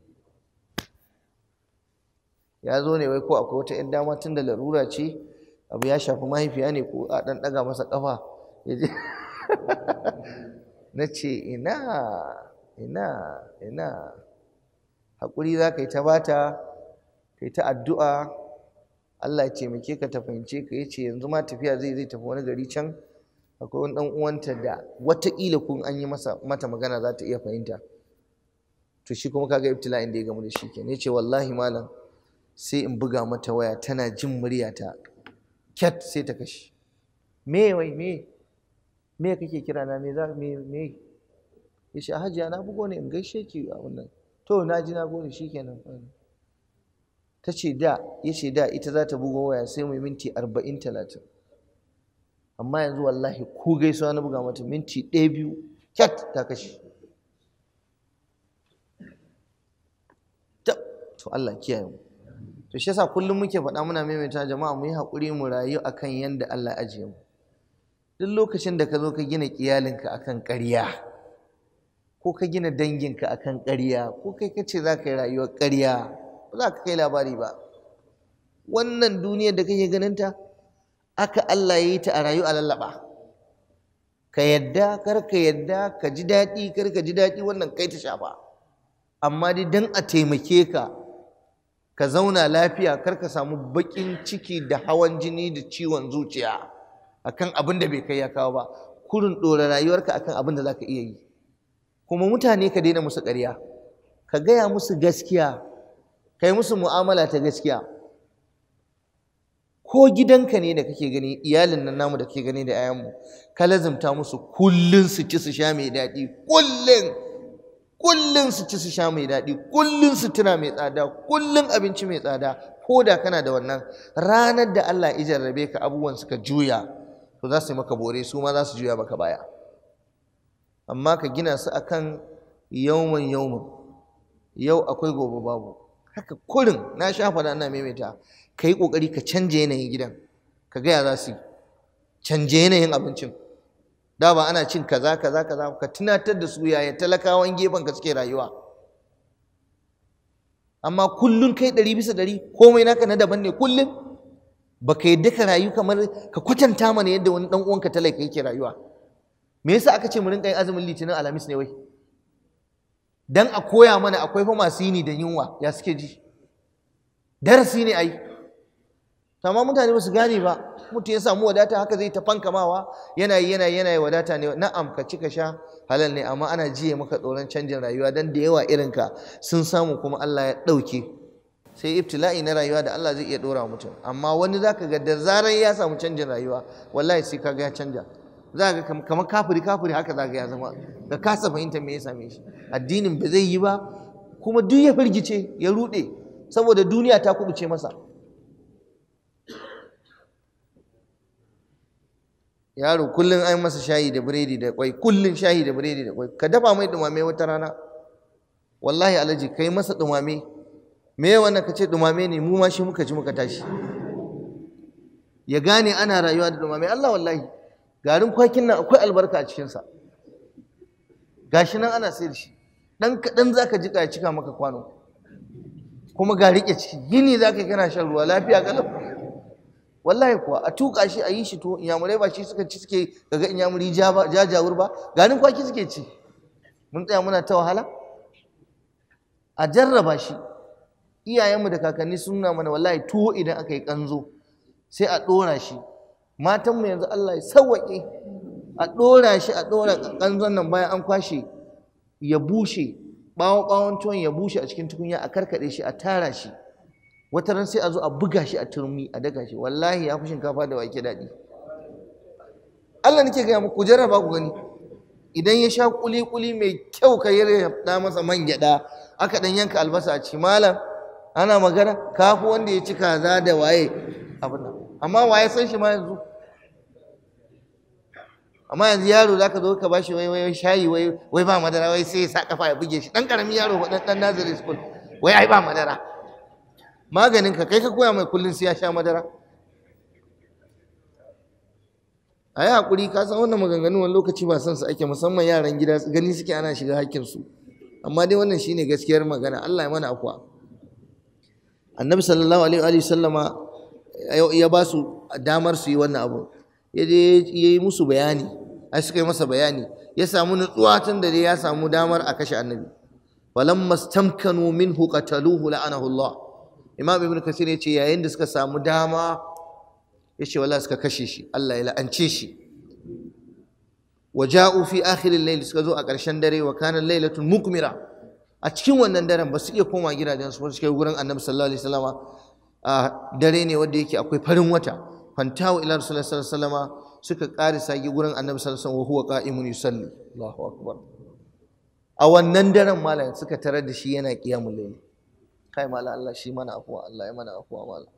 ya zo ne wai ko akwai wata 'yan dama tun da larura ce abu ya shafi mahaifiya ne ko a ɗan ɗaga masa ƙafa ya na ce ina ina ina haƙuri za ka yi ta bata ka yi ta addu'a Allah ya taimake ka ta fahimce ka yi ce yanzu ma tafiya zai zai tafi wani gari can akwai wani 'dan uwanta da wataƙila kun an yi mata magana za ta iya fahimta to shi kuma kaga ibtila'in da ya gamu da shi Ke ne ce wallahi malam sai in buga mata waya tana jin muryata kyat sai ta kashe me wai me me kake kira na me za me me yace hajji na bugo ne in gaishe ki a wannan to na ji na gode shikenan ta ce da yace da ita za ta bugo waya sai mu minti 40 talatin, amma yanzu wallahi ko gaisuwa na buga mata minti ɗaya biyu kyat ta kashe to Allah kiyaye mu to shi yasa kullum muke faɗa muna maimaita jama'a mu yi haƙuri mu rayu akan yanda Allah ajiye mu duk lokacin da ka zo ka gina iyalinka akan ƙarya ko ka gina danginka akan ƙarya ko kai ka ce za ka yi rayuwar ƙarya ba za ka kai labari ba wannan duniyar da kake ganinta aka Allah ya yi ta a rayu a lallaba ka yadda kar ka yadda ka ji daɗi kar ka ji daɗi wannan kai ta shafa amma dai don a taimake ka ka zauna lafiya kar ka samu baƙin ciki da hawan jini da ciwon zuciya akan abin da bai kai ya kawo ba kurin dora rayuwarka akan abin da zaka iya yi kuma mutane ka daina musu ƙarya ka gaya musu gaskiya ka yi musu mu'amala ta gaskiya ko gidanka ne da kake gani iyalin nan namu da kake gani da 'ya'yanmu ka lazimta musu kullun su ci su sha mai daɗi kullun kullun su ci su sha mai daɗi kullun tuna mai tsada kullun abinci mai tsada ko da kana da wannan ranar da Allah ya jarrabe ka abubuwan suka juya to za su yi maka bore su ma za su juya maka baya amma ka gina su akan yawman yawman yau akwai gobe babu haka kurin na sha faɗa ana maimaita ka yi ƙoƙari ka canje yanayin gidan ka gaya za su canje yanayin abincin da ba ana cin kaza kaza kaza ka tunatar da su yaya talakawan gefen ka suke rayuwa amma kullum kai ɗari bisa ɗari komai naka na daban ne kullum. baka yadda ka rayu kamar ka kwatanta mana yadda wani dan uwanka talaka yake rayuwa me yasa aka ce mu rinka yin azumin litinin alhamis ne wai dan a koya mana akwai fa masu yini da yunwa ya suke ji darasi ne ai amma mutane ba su gane ba mutum ya samu wadata haka zai ta fankamawa yana yi yana yana wadata ne na'am ka ci ka sha halal ne amma ana jiye maka tsoron canjin rayuwa dan da yawa irinka sun samu kuma Allah ya ɗauke sai ibtila'i na rayuwa da Allah zai iya dora mutum amma wani zaka ga da zarar ya samu canjin rayuwa wallahi sai kaga ya canja za ga kamar kafiri kafiri haka za ga ya zama da kasa fahimta me ya same shi addinin ba zai yi ba kuma duk ya firgice ya rude saboda duniya ta kubuce masa yaro kullum ai masa shayi da biredi da kwai kullum shayi da biredi da kwai ka dafa mai dumame wata rana wallahi alaji kai masa dumame me wannan ka ce dumame ne mu ma shi muka ji muka tashi ya gane ana rayuwa da dumame Allah wallahi garin kwakin nan akwai albarka a cikinsa gashi nan ana sayar shi dan kaɗan za ka jika ya cika maka kwano kuma ga riƙe ciki gini za ka kana shan ruwa lafiya kalau wallahi kuwa a tuƙa shi a yi shi to inyamurai ba shi suka ci suke kaga inyamuri jajawur ba garin kwaki suke ci mun tsaya muna ta wahala a jarraba shi iyayenmu da kakanni sun nuna mana wallahi tuwo idan aka yi kanzo sai a ɗora shi matanmu yanzu Allah ya sawwaƙe a ɗora shi a ɗora kanzon nan bayan an kwashe ya bushe ɓawon ɓawon tuwon ya bushe a cikin tukunya a karkaɗe shi a tara shi wata ran sai a zo a buga shi a turmi a daga shi wallahi ya fi shinkafa da wake daɗi Allah nake gaya muku jarraba ku gani idan ya sha kuli-kuli mai kyau ka yi masa man gyaɗa aka ɗan yanka albasa a ci malam ana magana kafu wanda ya ci kaza da waye abin amma waye san shi ma yanzu amma yanzu yaro zaka zo ka bashi wai wai shayi wai wai ba madara wai sai ya sa kafa ya buge shi dan karamin yaro ba dan nazari school wai ai ba madara maganin ka kai ka koya mai kullun sai ya sha madara a yi haƙuri ka san wannan maganganu wani lokaci ba son su ake musamman yaran gida gani suke ana shiga hakkinsu amma dai wannan shine gaskiyar magana Allah ya mana akwai annabi sallallahu alaihi wa sallama ya ba su damar su yi wannan abu ya je ya yi musu bayani ai suka yi masa bayani ya samu nutsuwa tun da ya samu damar a kashe annabi falamma stamkanu minhu qataluhu la'anahu Allah imam ibn kasir ya ce yayin da suka samu dama ya ce wallahi suka kashe shi Allah ya la'ance shi waja'u fi akhir al-layl suka zo a ƙarshen dare wa kana laylatun mukmira a cikin wannan daren ba su iya koma gidajensu ba su kai wurin annabi sallallahu alaihi wasallama dare ne wanda yake akwai farin wata fantawa ila rasulullahi sallallahu alaihi wasallama suka ƙara saki gurin annabi sallallahu alaihi wasallam wa huwa qa'imun yusalli Allahu akbar a wannan daren malam suka tarar da shi yana qiyamul layl kai malam Allah shi mana afuwa Allah ya mana afuwa malam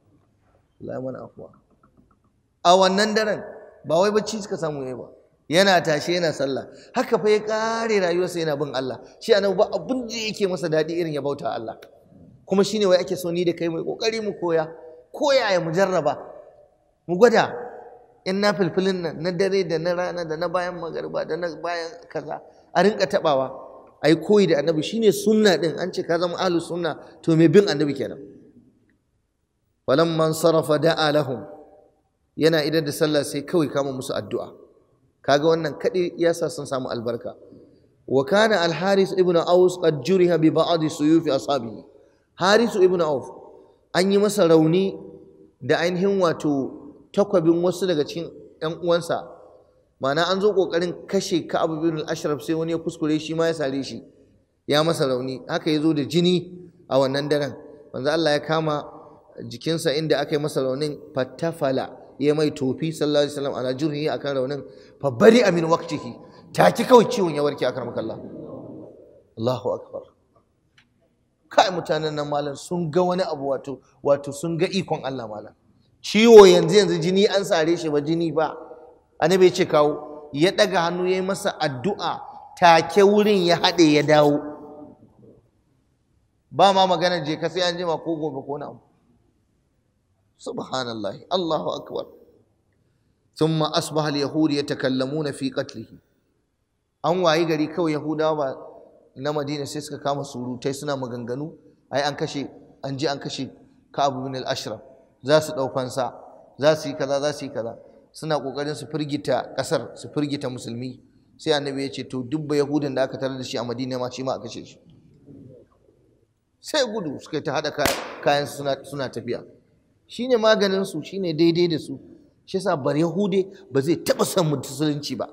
Allah ya mana afuwa a wannan daren ba wai bacci suka samu yayi ba yana tashe yana sallah haka fa ya kare rayuwarsa yana bin Allah shi annabi ba abin da yake masa daɗi irin ya bauta Allah kuma shine wai ake so ni da kai mai kokari mu koya koya ya mu jarraba mu gwada in na filfilin nan na dare da na rana da na bayan magariba da na bayan kaza a rinka tabawa ai koyi da annabi shine sunna din an ce ka zama ahlus sunna to me bin annabi kenan man sarafa da'a lahum yana idan da sallah sai kawai kama musu addu'a kaga wannan kaɗi ya sa sun samu albarka wa kana al haris ibn aus qad juriha bi ba'd suyuf ashabihi harisu ibn auf an yi masa rauni da ainihin wato takwabin wasu daga cikin yan uwansa ma'ana an zo kokarin kashe ka abu al-ashraf sai wani ya kuskure shi ma ya sare shi ya masa rauni haka ya zo da jini a wannan daren manzo Allah ya kama jikinsa inda aka yi masa raunin fattafala ya mai tofi sallallahu alaihi wasallam ala jurhi akan raunin fa bari amin ta ki kawai ciwon ya a akar makalla Allahu akbar kai mutanen nan malam sun ga wani abu wato wato sun ga ikon Allah malam ciwo yanzu yanzu jini an sare shi ba jini ba annabi ya ce kawo ya daga hannu yi masa addu'a take wurin ya hade ya dawo ba ma maganar je ka sai an jima ko gobe ko na subhanallahi Allahu akbar thumma asbaha ya yahud yatakallamuna fi qatlihi an wayi gari kawai yahudawa na madina sai suka kama surutai suna maganganu ai an kashe an ji an kashe ka'ab bin al-ashraf za su ɗaukansa, za su yi kaza za su yi kaza suna ƙoƙarin su firgita ƙasar, su firgita musulmi sai annabi ya ce to dubba Yahudan da aka tare da shi a madina ma shi ma a kashe shi sai gudu suka ta haɗa kayan suna tafiya shine maganin su shine daidai da su shi yasa bar yahude ba zai taba son musulunci ba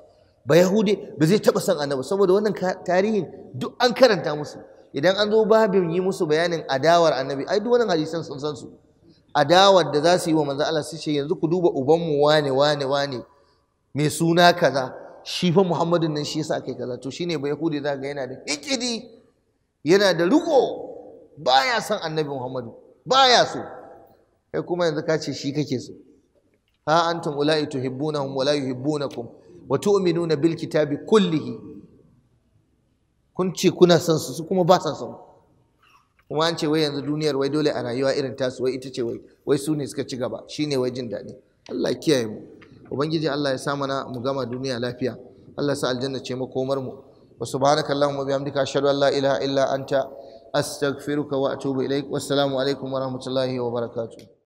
ba yahude ba zai taba son annabi saboda wannan tarihin duk an karanta musu idan an zo babin yi musu bayanin adawar annabi ai duk wannan hadisan sun san su adawar da za su yi wa manzo Allah su ce yanzu ku duba ubanmu wane wane wane mai suna kaza shi fa Muhammadun nan shi yasa kai kaza to shine ba yahude za ga yana da hikidi yana da riko baya son annabi Muhammadu baya so kai kuma yanzu ka ce shi kake so ha antum ula'i tuhibbunahum wa la yuhibbunakum wa tu'minuna bil kitabi kullihi kun ce kuna son su su kuma ba sa son kuma an ce wai yanzu duniyar wai dole a rayuwa irin tasu wai ita ce wai wai su ne suka ci gaba shine wai jin daɗi Allah ya kiyaye mu ubangiji Allah ya sa mana mu gama duniya lafiya Allah sa aljanna ce komar mu wa subhanakallahumma bihamdika ashhadu an la ilaha illa anta astaghfiruka wa atubu ilaik wassalamu alaikum wa rahmatullahi wa barakatuh